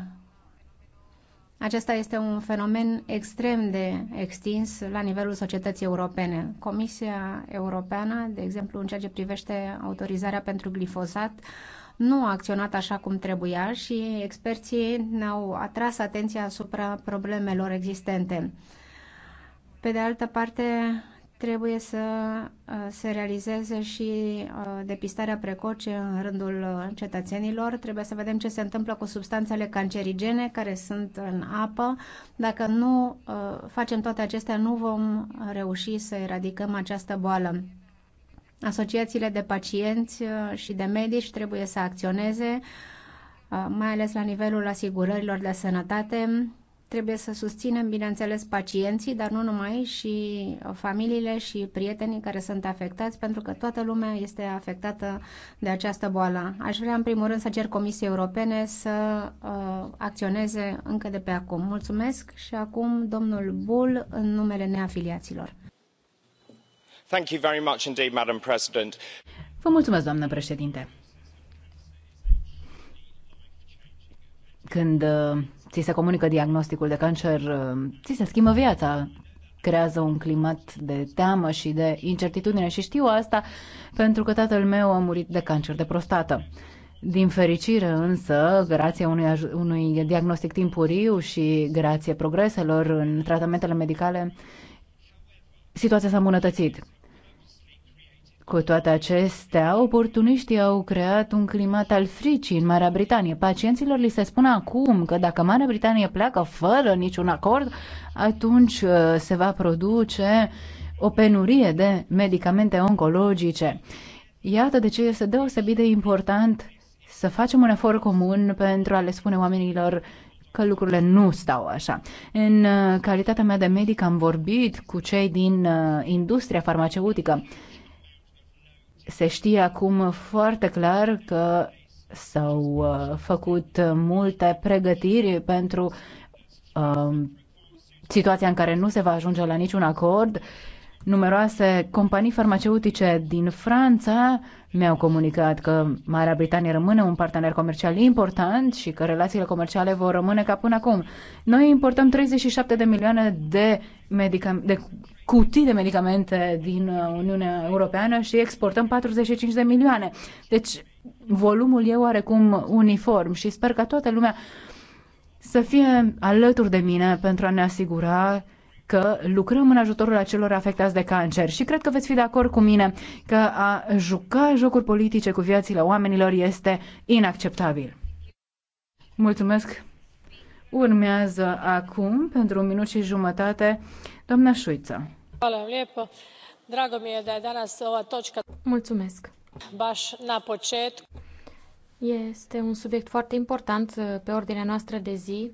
C: acesta este un fenomen extrem de extins la nivelul societății europene. Comisia Europeană, de exemplu, în ceea ce privește autorizarea pentru glifosat, nu a acționat așa cum trebuia și experții ne-au atras atenția asupra problemelor existente. Pe de altă parte, trebuie să uh, se realizeze și uh, depistarea precoce în rândul uh, cetățenilor. Trebuie să vedem ce se întâmplă cu substanțele cancerigene care sunt în apă. Dacă nu facem toate acestea, nu vom reuși să eradicăm această boală. Asociațiile de pacienți și de medici trebuie să acționeze, mai ales la nivelul asigurărilor de sănătate, Trebuie să susținem, bineînțeles, pacienții, dar nu numai, și familiile și prietenii care sunt afectați, pentru că toată lumea este afectată de această boală. Aș vrea, în primul rând, să cer Comisiei Europene să uh, acționeze încă de pe acum. Mulțumesc și acum domnul Bull în numele neafiliaților.
A: Thank you very much indeed, Madam President.
C: Vă mulțumesc, doamnă președinte.
A: Când uh, ți se comunică diagnosticul de cancer, ți se schimbă viața, creează un climat de teamă și de incertitudine și știu asta pentru că tatăl meu a murit de cancer de prostată. Din fericire însă, grație unui, unui diagnostic timpuriu și grație progreselor în tratamentele medicale, situația s-a îmbunătățit. Cu toate acestea, oportuniștii au creat un climat al fricii în Marea Britanie. Pacienților li se spune acum că dacă Marea Britanie pleacă fără niciun acord, atunci uh, se va produce o penurie de medicamente oncologice. Iată de ce este deosebit de important să facem un efort comun pentru a le spune oamenilor că lucrurile nu stau așa. În uh, calitatea mea de medic am vorbit cu cei din uh, industria farmaceutică se știe acum foarte clar că s-au uh, făcut multe pregătiri pentru uh, situația în care nu se va ajunge la niciun acord Numeroase companii farmaceutice din Franța mi-au comunicat că Marea Britanie rămâne un partener comercial important și că relațiile comerciale vor rămâne ca până acum. Noi importăm 37 de milioane de, de cutii de medicamente din Uniunea Europeană și exportăm 45 de milioane. Deci volumul e oarecum uniform și sper ca toată lumea să fie alături de mine pentru a ne asigura că lucrăm în ajutorul acelor afectați de cancer și cred că veți fi de acord cu mine că a juca jocuri politice cu viațile oamenilor este inacceptabil. Mulțumesc! Urmează acum, pentru un minut și jumătate, doamna Șuiță.
B: Da Mulțumesc! Este un subiect foarte important pe ordinea noastră de zi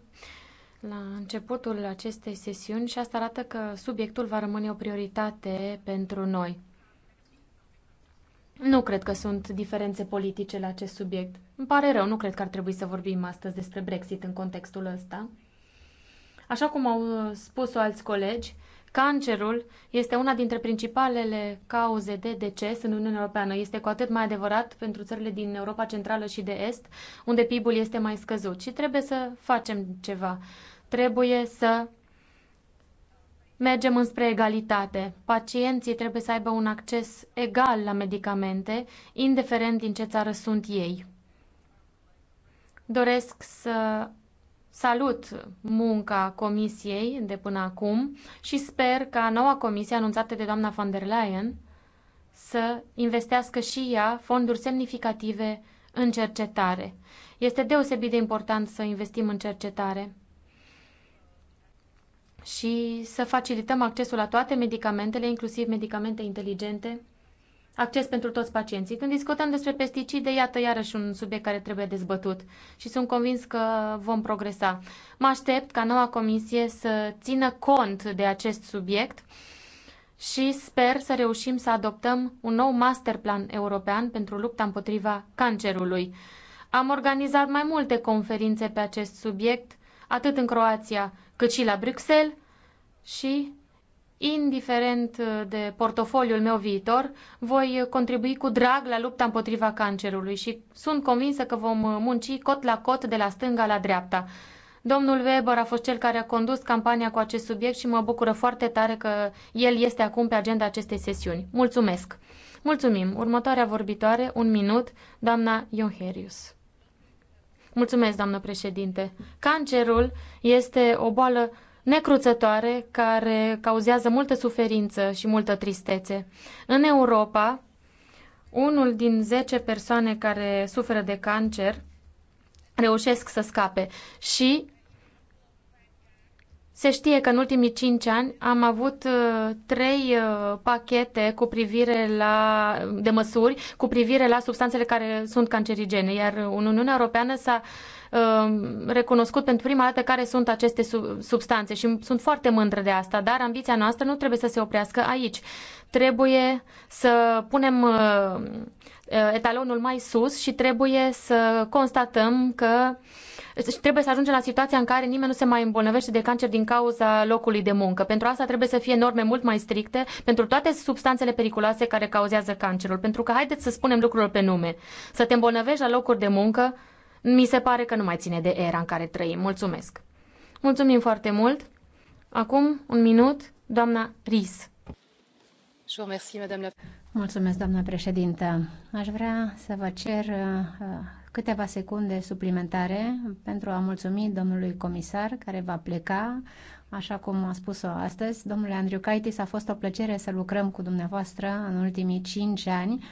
B: la începutul acestei sesiuni și asta arată că subiectul va rămâne o prioritate pentru noi. Nu cred că sunt diferențe politice la acest subiect. Îmi pare rău, nu cred că ar trebui să vorbim astăzi despre Brexit în contextul ăsta. Așa cum au spus-o alți colegi, cancerul este una dintre principalele cauze de deces în Uniunea Europeană. Este cu atât mai adevărat pentru țările din Europa Centrală și de Est, unde PIB-ul este mai scăzut și trebuie să facem ceva. Trebuie să mergem înspre egalitate. Pacienții trebuie să aibă un acces egal la medicamente, indiferent din ce țară sunt ei. Doresc să salut munca Comisiei de până acum și sper ca noua comisie anunțată de doamna von der Leyen să investească și ea fonduri semnificative în cercetare. Este deosebit de important să investim în cercetare și să facilităm accesul la toate medicamentele, inclusiv medicamente inteligente, acces pentru toți pacienții. Când discutăm despre pesticide, iată iarăși un subiect care trebuie dezbătut și sunt convins că vom progresa. Mă aștept ca noua comisie să țină cont de acest subiect și sper să reușim să adoptăm un nou master plan european pentru lupta împotriva cancerului. Am organizat mai multe conferințe pe acest subiect, atât în Croația cât și la Bruxelles și, indiferent uh, de portofoliul meu viitor, voi uh, contribui cu drag la lupta împotriva cancerului și sunt convinsă că vom uh, munci cot la cot de la stânga la dreapta. Domnul Weber a fost cel care a condus campania cu acest subiect și mă bucură foarte tare că el este acum pe agenda acestei sesiuni. Mulțumesc! Mulțumim! Următoarea vorbitoare, un minut, doamna Ionherius. Mulțumesc, doamnă președinte. Cancerul este o boală necruțătoare care cauzează multă suferință și multă tristețe. În Europa, unul din 10 persoane care suferă de cancer reușesc să scape și se știe că în ultimii cinci ani am avut uh, trei uh, pachete cu privire la, de măsuri cu privire la substanțele care sunt cancerigene, iar în Uniunea Europeană s-a uh, recunoscut pentru prima dată care sunt aceste substanțe și sunt foarte mândră de asta, dar ambiția noastră nu trebuie să se oprească aici. Trebuie să punem Uh, etalonul mai sus și trebuie să constatăm că trebuie să ajungem la situația în care nimeni nu se mai îmbolnăvește de cancer din cauza locului de muncă. Pentru asta trebuie să fie norme mult mai stricte pentru toate substanțele periculoase care cauzează cancerul. Pentru că haideți să spunem lucrurile pe nume. Să te îmbolnăvești la locuri de muncă mi se pare că nu mai ține de era în care trăim. Mulțumesc! Mulțumim foarte mult! Acum, un minut, doamna Ris. Mulțumesc, doamnă
C: președintă. Aș vrea să vă cer uh, câteva secunde suplimentare pentru a mulțumi domnului comisar care va pleca, așa cum a spus-o astăzi. Domnule Andriu Caitis, a fost o plăcere să lucrăm cu dumneavoastră în ultimii cinci ani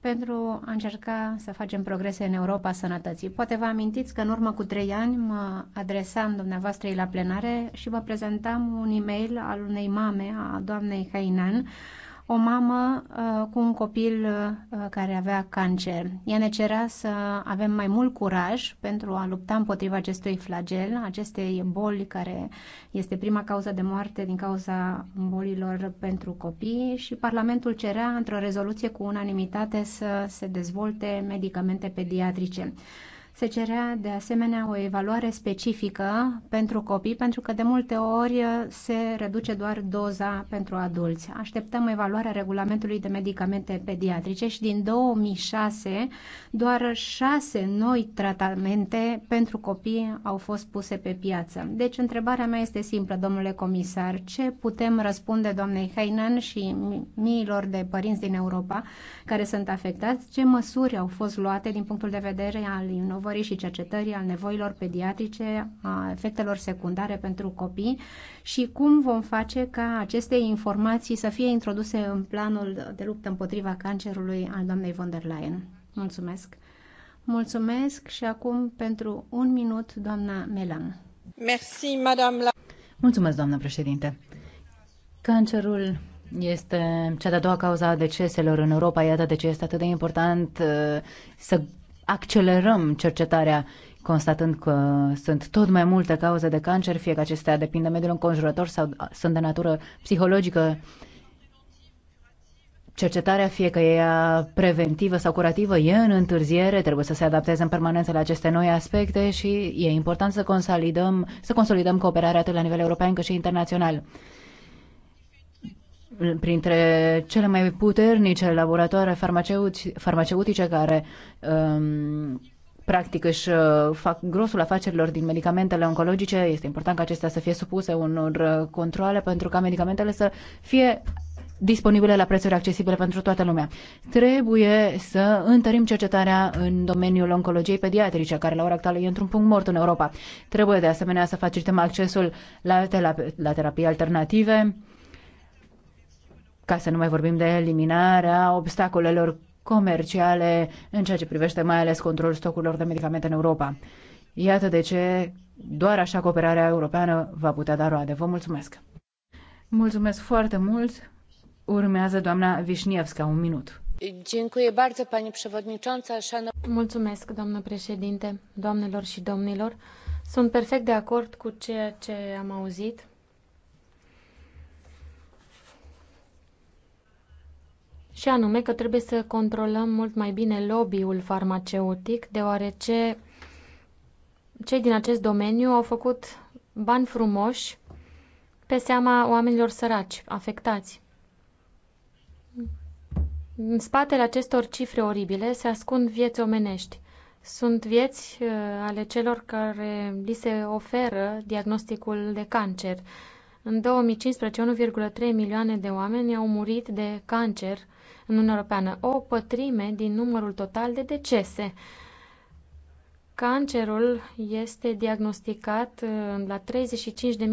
C: pentru a încerca să facem progrese în Europa sănătății. Poate vă amintiți că în urmă cu trei ani mă adresam dumneavoastră la plenare și vă prezentam un e-mail al unei mame, a doamnei Hainan, o mamă uh, cu un copil uh, care avea cancer. Ea ne cerea să avem mai mult curaj pentru a lupta împotriva acestui flagel, acestei boli care este prima cauză de moarte din cauza bolilor pentru copii și Parlamentul cerea într-o rezoluție cu unanimitate să se dezvolte medicamente pediatrice. Uh, se cerea de asemenea o evaluare specifică pentru copii, pentru că de multe ori se reduce doar doza pentru adulți. Așteptăm evaluarea regulamentului de medicamente pediatrice și din 2006 doar șase noi tratamente pentru copii au fost puse pe piață. Deci întrebarea mea este simplă, domnule comisar. Ce putem răspunde doamnei Heinen și miilor de părinți din Europa care sunt afectați? Ce măsuri au fost luate din punctul de vedere al inovării? inovării și cercetării, al nevoilor pediatrice, a efectelor secundare pentru copii și cum vom face ca aceste informații să fie introduse în planul de luptă împotriva cancerului al doamnei von der Leyen. Mulțumesc! Mulțumesc și acum pentru un minut, doamna Melan. Merci, madame la...
A: Mulțumesc, doamnă președinte. Cancerul este cea de-a doua cauza a deceselor în Europa. Iată de ce este atât de important uh, să accelerăm cercetarea constatând că sunt tot mai multe cauze de cancer, fie că acestea depind de mediul înconjurător sau sunt de natură psihologică. Cercetarea, fie că e preventivă sau curativă, e în întârziere, trebuie să se adapteze în permanență la aceste noi aspecte și e important să consolidăm, să consolidăm cooperarea atât la nivel european cât și internațional printre cele mai puternice laboratoare farmaceutice care um, practic își uh, fac grosul afacerilor din medicamentele oncologice, este important ca acestea să fie supuse unor uh, controle pentru ca medicamentele să fie disponibile la prețuri accesibile pentru toată lumea. Trebuie să întărim cercetarea în domeniul oncologiei pediatrice, care la ora actuală e într-un punct mort în Europa. Trebuie de asemenea să facilităm accesul la, la terapii alternative, ca să nu mai vorbim de eliminarea obstacolelor comerciale în ceea ce privește mai ales controlul stocurilor de medicamente în Europa. Iată de ce doar așa cooperarea europeană va putea da roade. Vă mulțumesc! Mulțumesc foarte mult! Urmează doamna Vișnievska, un minut.
B: Mulțumesc, doamnă președinte, doamnelor și domnilor. Sunt perfect de acord cu ceea ce am auzit și anume că trebuie să controlăm mult mai bine lobby-ul farmaceutic, deoarece cei din acest domeniu au făcut bani frumoși pe seama oamenilor săraci, afectați. În spatele acestor cifre oribile se ascund vieți omenești. Sunt vieți uh, ale celor care li se oferă diagnosticul de cancer. În 2015, 1,3 milioane de oameni au murit de cancer în Uniunea Europeană, o pătrime din numărul total de decese. Cancerul este diagnosticat uh, la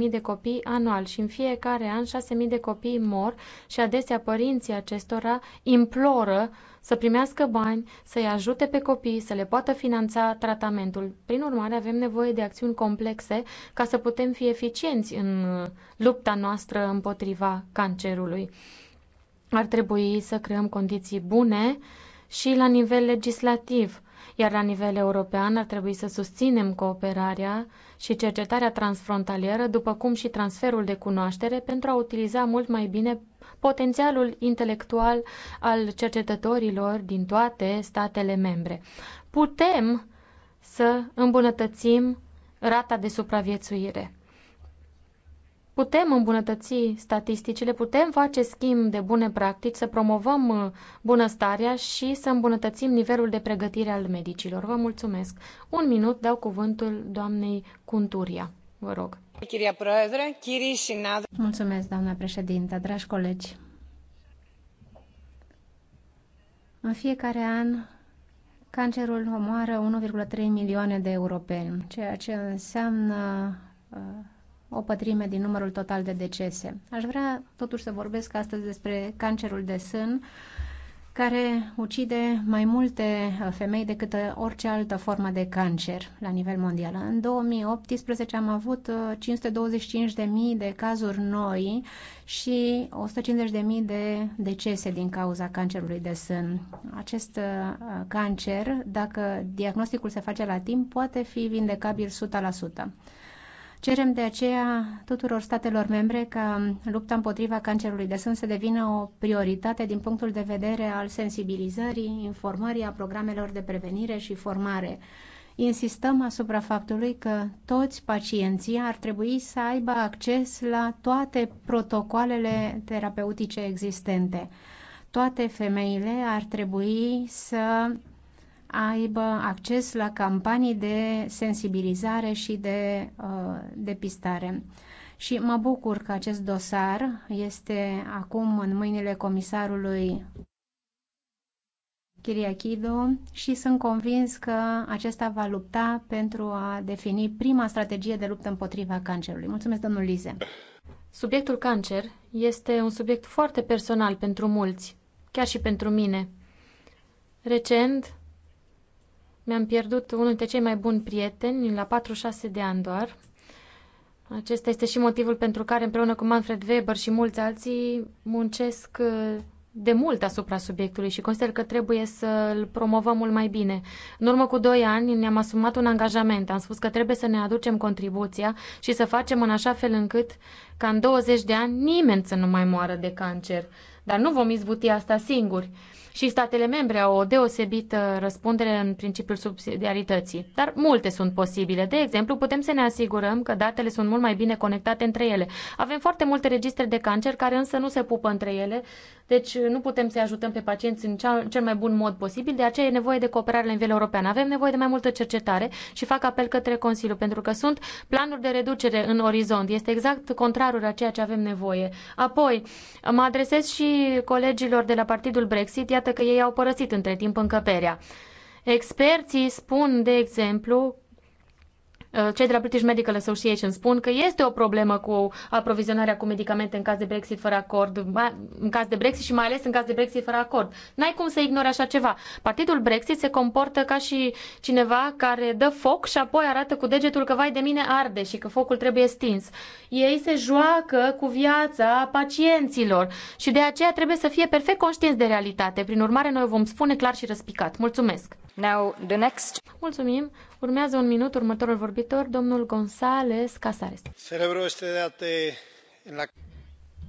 B: 35.000 de copii anual și în fiecare an 6.000 de copii mor și adesea părinții acestora imploră să primească bani, să-i ajute pe copii, să le poată finanța tratamentul. Prin urmare, avem nevoie de acțiuni complexe ca să putem fi eficienți în uh, lupta noastră împotriva cancerului. Ar trebui să creăm condiții bune și la nivel legislativ, iar la nivel european ar trebui să susținem cooperarea și cercetarea transfrontalieră, după cum și transferul de cunoaștere, pentru a utiliza mult mai bine potențialul intelectual al cercetătorilor din toate statele membre. Putem să îmbunătățim rata de supraviețuire. Putem îmbunătăți statisticile, putem face schimb de bune practici, să promovăm uh, bunăstarea și să îmbunătățim nivelul de pregătire al medicilor. Vă mulțumesc. Un minut dau cuvântul doamnei Cunturia. Vă rog. Mulțumesc,
C: doamna președintă, dragi colegi. În fiecare an, cancerul omoară 1,3 milioane de europeni, ceea ce înseamnă uh, o pătrime din numărul total de decese. Aș vrea totuși să vorbesc astăzi despre cancerul de sân, care ucide mai multe uh, femei decât uh, orice altă formă de cancer la nivel mondial. În 2018 am avut 525.000 uh, de cazuri noi și 150.000 de decese din cauza cancerului de sân. Acest cancer, dacă diagnosticul se face la timp, poate fi vindecabil 100%. Cerem de aceea tuturor statelor membre ca lupta împotriva cancerului de sân să devină o prioritate din punctul de vedere al sensibilizării, informării a programelor de prevenire și formare. Insistăm asupra faptului că toți pacienții ar trebui să aibă acces la toate protocoalele terapeutice existente. Toate femeile ar trebui să aibă acces la campanii de sensibilizare și de uh, depistare. Și mă bucur că acest dosar este acum în mâinile comisarului Chiriachido și sunt convins că acesta va lupta pentru a defini prima strategie de luptă împotriva cancerului. Mulțumesc, domnul Lize. Subiectul cancer
B: este un subiect foarte personal pentru mulți, chiar și pentru mine. Recent, mi-am pierdut unul dintre cei mai buni prieteni la 46 de ani doar. Acesta este și motivul pentru care împreună cu Manfred Weber și mulți alții muncesc uh, de mult asupra subiectului și consider că trebuie să îl promovăm mult mai bine. În urmă cu doi ani ne-am asumat un angajament. Am spus că trebuie să ne aducem contribuția și să facem în așa fel încât ca în 20 de ani nimeni să nu mai moară de cancer. Dar nu vom izbuti asta singuri și statele membre au o deosebită răspundere în principiul subsidiarității, dar multe sunt posibile. De exemplu, putem să ne asigurăm că datele sunt mult mai bine conectate între ele. Avem foarte multe registre de cancer care însă nu se pupă între ele, deci nu putem să-i ajutăm pe pacienți în cel mai bun mod posibil, de aceea e nevoie de cooperare la nivel european. Avem nevoie de mai multă cercetare și fac apel către Consiliu, pentru că sunt planuri de reducere în orizont. Este exact contrarul a ceea ce avem nevoie. Apoi, mă adresez și colegilor de la Partidul Brexit. Iată arată că ei au părăsit între timp încăperea. Experții spun, de exemplu, Uh, cei de la British Medical Association spun că este o problemă cu aprovizionarea cu medicamente în caz de Brexit fără acord, în caz de Brexit și mai ales în caz de Brexit fără acord. N-ai cum să ignori așa ceva. Partidul Brexit se comportă ca și cineva care dă foc și apoi arată cu degetul că vai de mine arde și că focul trebuie stins. Ei se joacă cu viața pacienților și de aceea trebuie să fie perfect conștienți de realitate. Prin urmare, noi vom spune clar și răspicat. Mulțumesc! Now, the next... Mulțumim. Urmează un minut următorul vorbitor, domnul González Casares.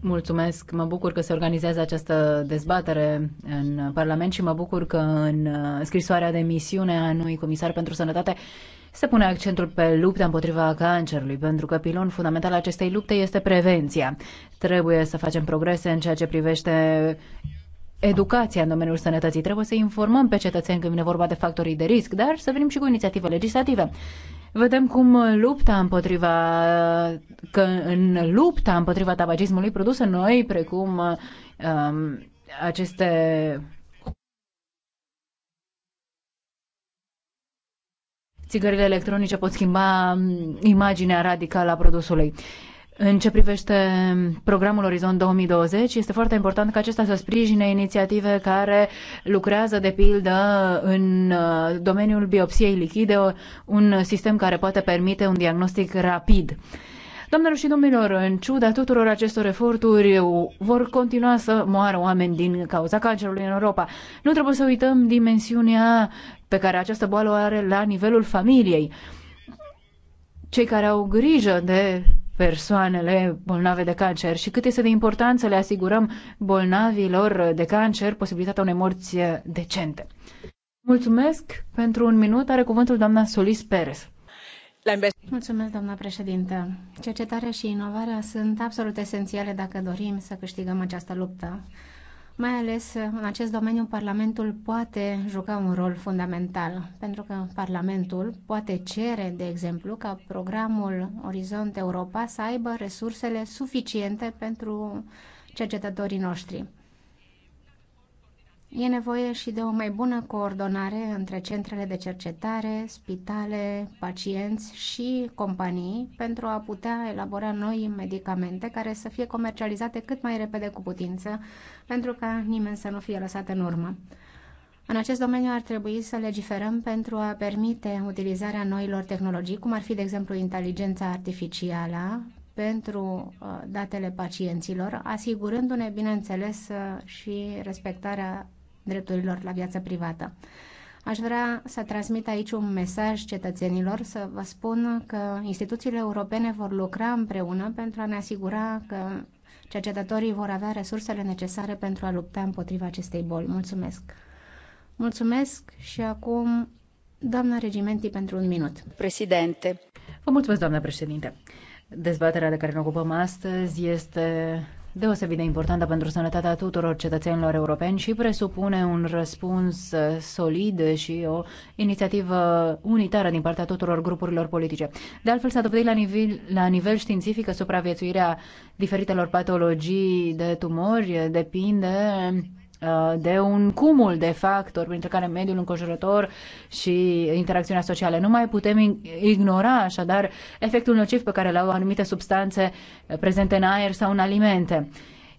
A: Mulțumesc. Mă bucur că se organizează această dezbatere în Parlament și mă bucur că în uh, scrisoarea de misiune a noi comisar pentru sănătate se pune accentul pe lupta împotriva cancerului, pentru că pilon fundamental acestei lupte este prevenția. Trebuie să facem progrese în ceea ce privește educația în domeniul sănătății. Trebuie să informăm pe cetățeni când vine vorba de factorii de risc, dar să venim și cu inițiative legislative. Vedem cum lupta împotriva, că în lupta împotriva tabagismului produse noi, precum um, aceste țigările electronice pot schimba um, imaginea radicală a produsului. Uh, în ce privește programul Orizont 2020, este foarte important ca acesta să sprijine inițiative care lucrează, de pildă, în uh, domeniul biopsiei lichide, un sistem care poate permite un diagnostic rapid. Doamnelor și domnilor, în ciuda tuturor acestor eforturi, vor continua să moară oameni din cauza cancerului în Europa. Nu trebuie să uităm dimensiunea pe care această boală o are la nivelul familiei. Cei care au grijă de persoanele bolnave de cancer și cât este de important să le asigurăm bolnavilor de cancer posibilitatea unei morți decente.
C: Mulțumesc pentru un minut. Are cuvântul doamna Solis Perez. Mulțumesc, doamna președintă. Cercetarea și inovarea sunt absolut esențiale dacă dorim să câștigăm această luptă. Mai ales uh, în acest domeniu, Parlamentul poate juca un rol fundamental, pentru că Parlamentul poate cere, de exemplu, ca programul Orizont Europa să aibă resursele suficiente pentru cercetătorii noștri. E nevoie și de o mai bună coordonare între centrele de cercetare, spitale, pacienți și companii pentru a putea elabora noi medicamente care să fie comercializate cât mai repede cu putință, pentru ca nimeni să nu fie lăsat în urmă. În acest domeniu ar trebui să legiferăm pentru a permite utilizarea noilor tehnologii, cum ar fi, de exemplu, inteligența artificială, pentru uh, datele pacienților, asigurându-ne, bineînțeles, uh, și respectarea drepturilor la viața privată. Aș vrea să transmit aici un mesaj cetățenilor, să vă spun că instituțiile europene vor lucra împreună pentru a ne asigura că cercetătorii vor avea resursele necesare pentru a lupta împotriva acestei boli. Mulțumesc! Mulțumesc și acum doamna regimentii pentru un minut. Președinte. Vă mulțumesc, doamna președinte. Dezbaterea de care ne ocupăm astăzi este
A: deosebit de importantă pentru sănătatea tuturor cetățenilor europeni și presupune un răspuns uh, solid și o inițiativă unitară din partea tuturor grupurilor politice. De altfel, s-a dovedit la nivel, la nivel științific că supraviețuirea diferitelor patologii de tumori depinde Uh, de un cumul de factori, printre care mediul înconjurător și interacțiunea socială. Nu mai putem ignora așadar efectul nociv pe care l-au anumite substanțe prezente în aer sau în alimente.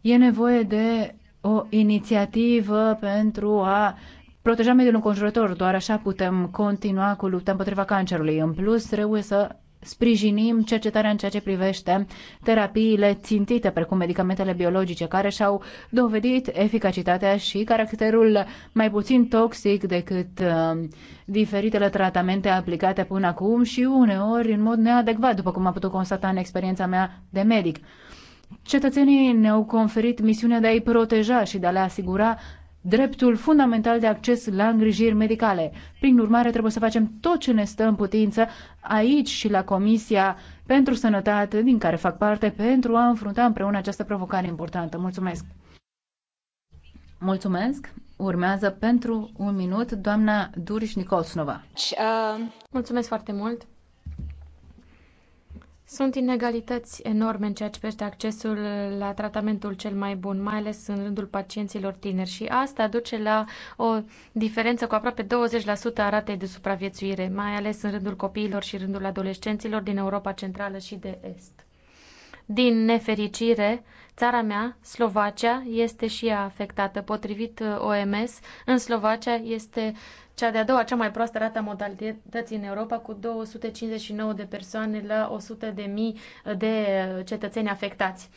A: E nevoie de o inițiativă pentru a proteja mediul înconjurător. Doar așa putem continua cu lupta împotriva cancerului. În plus, trebuie să sprijinim cercetarea în ceea ce privește terapiile țintite, precum medicamentele biologice, care și-au dovedit eficacitatea și caracterul mai puțin toxic decât uh, diferitele tratamente aplicate până acum și uneori în mod neadecvat, după cum am putut constata în experiența mea de medic. Cetățenii ne-au conferit misiunea de a-i proteja și de a le asigura dreptul fundamental de acces la îngrijiri medicale. Prin urmare, trebuie să facem tot ce ne stă în putință aici și la Comisia pentru Sănătate, din care fac parte, pentru a înfrunta împreună această provocare importantă. Mulțumesc! Mulțumesc! Urmează pentru un minut doamna Duriș Uh,
B: Mulțumesc foarte mult! Sunt inegalități enorme în ceea ce privește accesul la tratamentul cel mai bun, mai ales în rândul pacienților tineri și asta duce la o diferență cu aproape 20% a ratei de supraviețuire, mai ales în rândul copiilor și rândul adolescenților din Europa Centrală și de Est. Din nefericire, țara mea, Slovacia, este și ea afectată. Potrivit uh, OMS, în Slovacia este cea de-a doua, cea mai proastă rată a modalității în Europa, cu 259 de persoane la 100 de mii de cetățeni afectați.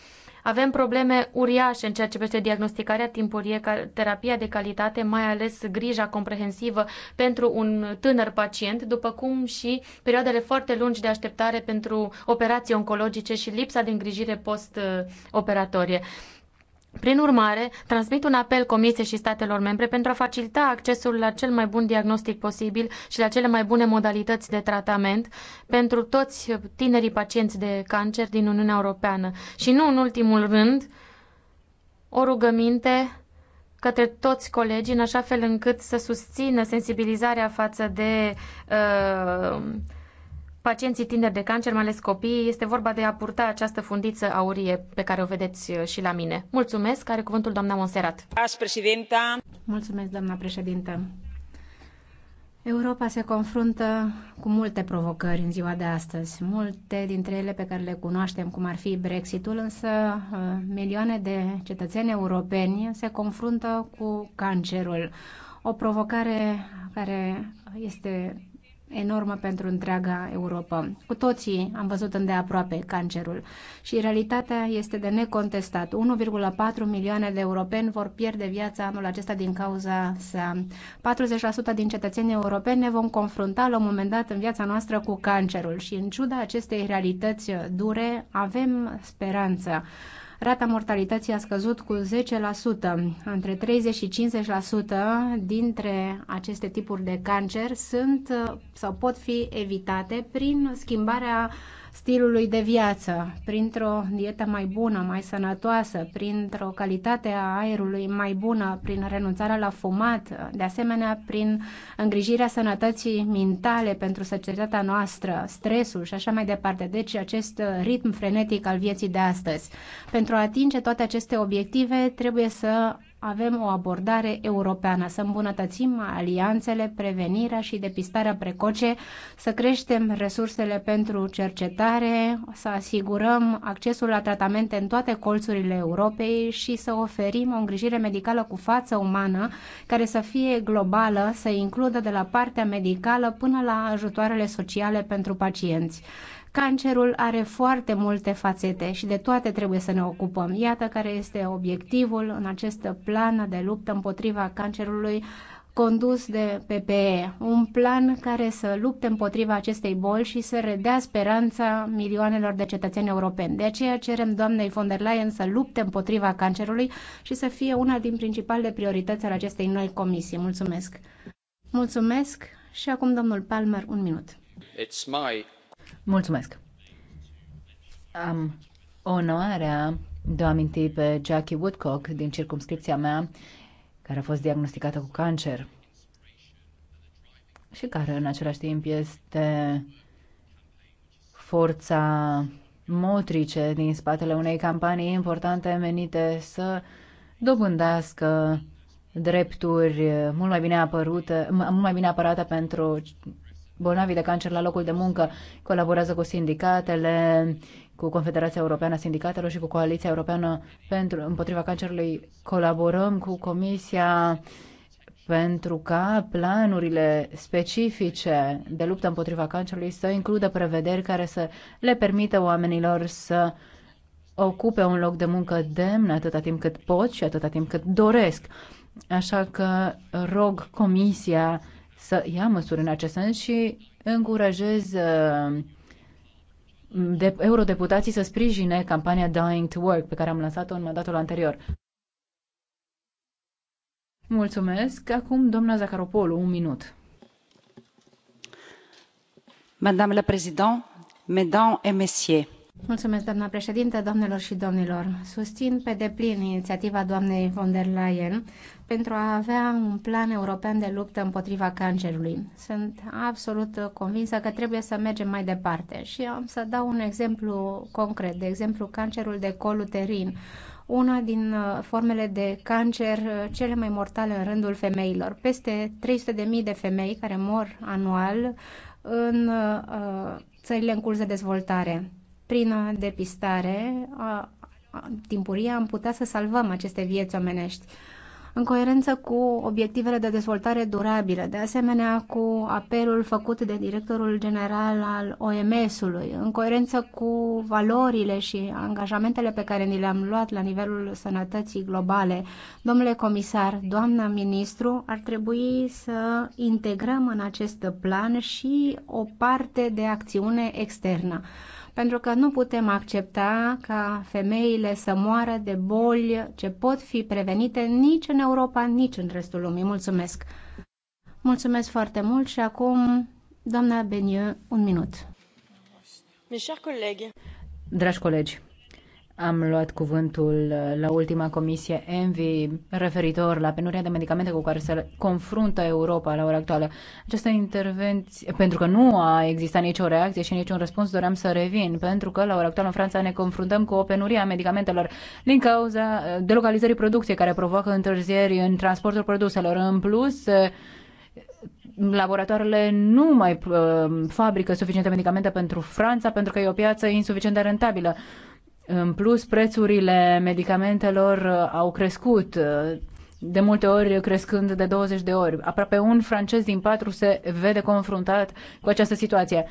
B: Avem probleme uriașe în ceea ce privește diagnosticarea timpurie, terapia de calitate, mai ales grija comprehensivă pentru un tânăr pacient, după cum și perioadele foarte lungi de așteptare pentru operații oncologice și lipsa de îngrijire post-operatorie. Uh, prin urmare, transmit un apel Comisiei și statelor membre pentru a facilita accesul la cel mai bun diagnostic posibil și la cele mai bune modalități de tratament pentru toți tinerii pacienți de cancer din Uniunea Europeană. Și nu în ultimul rând, o rugăminte către toți colegii, în așa fel încât să susțină sensibilizarea față de uh, pacienții tineri de cancer, mai ales copiii, este vorba de a purta această fundiță aurie pe care o vedeți uh, și la mine. Mulțumesc, are cuvântul doamna Monserat. Mulțumesc, doamna președintă.
C: Europa se confruntă cu multe provocări în ziua de astăzi, multe dintre ele pe care le cunoaștem, cum ar fi Brexitul, însă uh, milioane de cetățeni europeni se confruntă cu cancerul, o provocare care este enormă pentru întreaga Europa. Cu toții am văzut îndeaproape cancerul și realitatea este de necontestat. 1,4 milioane de europeni vor pierde viața anul acesta din cauza sa. 40% din cetățenii europeni ne vom confrunta la un moment dat în viața noastră cu cancerul și în ciuda acestei realități dure avem speranță. Rata mortalității a scăzut cu 10%. Între 30 și 50% dintre aceste tipuri de cancer sunt sau pot fi evitate prin schimbarea uh, stilului de viață, printr-o dietă mai bună, mai sănătoasă, printr-o calitate a aerului mai bună, prin renunțarea la fumat, de asemenea prin îngrijirea sănătății mentale pentru societatea noastră, stresul și așa mai departe. Deci acest ritm frenetic al vieții de astăzi. Pentru a atinge toate aceste obiective trebuie să avem o abordare europeană, să îmbunătățim alianțele, prevenirea și depistarea precoce, să creștem resursele pentru cercetare, să asigurăm accesul la tratamente în toate colțurile Europei și să oferim o îngrijire medicală cu față umană, care să fie globală, să includă de la partea medicală până la ajutoarele sociale pentru pacienți. Cancerul are foarte multe fațete și de toate trebuie să ne ocupăm. Iată care este obiectivul în acest plan de luptă împotriva cancerului condus de PPE, un plan care să lupte împotriva acestei boli și să redea speranța milioanelor de cetățeni europeni. De aceea cerem doamnei von der Leyen să lupte împotriva cancerului și să fie una din principalele priorități ale acestei noi comisii. Mulțumesc! Mulțumesc și acum domnul Palmer, un minut. It's my Mulțumesc! Am onoarea de a aminti
A: pe Jackie Woodcock din circumscripția mea, care a fost diagnosticată cu cancer și care în același timp este forța motrice din spatele unei campanii importante menite să dobândească drepturi mult mai bine apărute, mult mai bine apărate pentru bolnavii de cancer la locul de muncă, colaborează cu sindicatele, cu Confederația Europeană a Sindicatelor și cu Coaliția Europeană pentru, împotriva cancerului. Colaborăm cu Comisia pentru ca planurile specifice de luptă împotriva cancerului să includă prevederi care să le permită oamenilor să ocupe un loc de muncă demn atâta timp cât pot și atâta timp cât doresc. Așa că rog Comisia să ia măsuri în acest sens și încurajez uh, de eurodeputații să sprijine campania Dying to Work pe care am lansat-o în mandatul anterior. Mulțumesc. Acum, doamna Zacaropolu, un minut. Madame la Présidente, Mesdames et Messieurs,
C: Mulțumesc, doamna președinte, doamnelor și domnilor. Susțin pe deplin inițiativa doamnei von der Leyen pentru a avea un plan european de luptă împotriva cancerului. Sunt absolut convinsă că trebuie să mergem mai departe și am să dau un exemplu concret, de exemplu cancerul de col uterin, una din uh, formele de cancer uh, cele mai mortale în rândul femeilor. Peste 300.000 de femei care mor anual în uh, țările în curs de dezvoltare prin depistare timpurie am putea să salvăm aceste vieți omenești în coerență cu obiectivele de dezvoltare durabilă, de asemenea cu apelul făcut de directorul general al OMS-ului, în coerență cu valorile și angajamentele pe care ni le-am luat la nivelul sănătății globale. Domnule comisar, doamna ministru, ar trebui să integrăm în acest plan și o parte de acțiune externă pentru că nu putem accepta ca femeile să moară de boli ce pot fi prevenite nici în Europa, nici în restul lumii. Mulțumesc! Mulțumesc foarte mult și acum, doamna Beniu, un minut. Dragi colegi, am luat cuvântul uh,
A: la ultima comisie ENVI referitor la penuria de medicamente cu care se confruntă Europa la ora actuală. Această intervenție, pentru că nu a existat nicio reacție și niciun răspuns, doream să revin, pentru că la ora actuală în Franța ne confruntăm cu o penurie a medicamentelor din cauza uh, delocalizării producției care provoacă întârzieri în transportul produselor. În plus, uh, laboratoarele nu mai fabrică suficiente medicamente pentru Franța pentru că e o piață insuficient de rentabilă. În plus, prețurile medicamentelor uh, au crescut, uh, de multe ori crescând de 20 de ori. Aproape un francez din patru se vede confruntat cu această situație.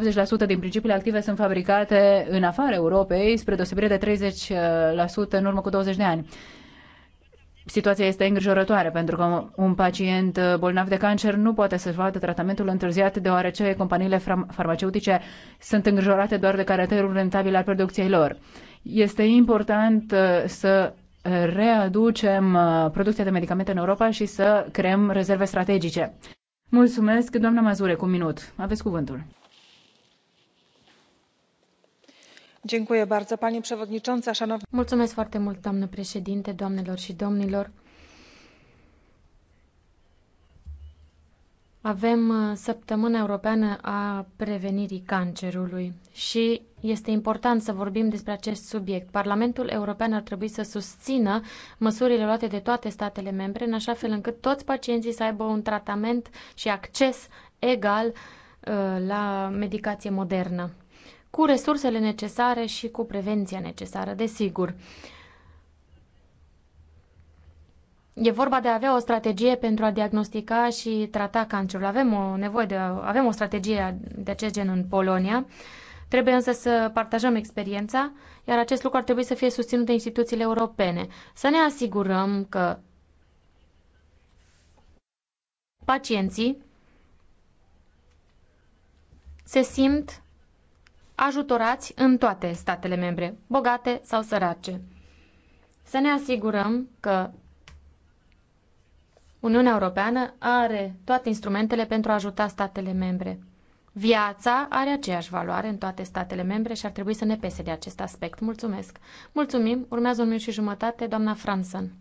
A: 80% din principiile active sunt fabricate în afara Europei, spre deosebire de 30% uh, în urmă cu 20 de ani situația este îngrijorătoare pentru că un pacient bolnav de cancer nu poate să vadă tratamentul întârziat deoarece companiile farmaceutice sunt îngrijorate doar de caracterul rentabil al producției lor. Este important uh, să readucem uh, producția de medicamente în Europa și să creăm rezerve strategice. Mulțumesc, doamna Mazure, cu un minut. Aveți cuvântul.
B: Mulțumesc foarte mult, doamnă președinte, doamnelor și domnilor. Avem uh, săptămâna europeană a prevenirii cancerului și este important să vorbim despre acest subiect. Parlamentul European ar trebui să susțină măsurile luate de toate statele membre, în așa fel încât toți pacienții să aibă un tratament și acces egal uh, la medicație modernă cu resursele necesare și cu prevenția necesară, desigur. E vorba de a avea o strategie pentru a diagnostica și trata cancerul. Avem o nevoie de avem o strategie de acest gen în Polonia. Trebuie însă să partajăm experiența, iar acest lucru ar trebui să fie susținut de instituțiile europene. Să ne asigurăm că pacienții se simt ajutorați în toate statele membre, bogate sau sărace. Să ne asigurăm că Uniunea Europeană are toate instrumentele pentru a ajuta statele membre. Viața are aceeași valoare în toate statele membre și ar trebui să ne pese de acest aspect. Mulțumesc! Mulțumim! Urmează un minut și jumătate, doamna Franson.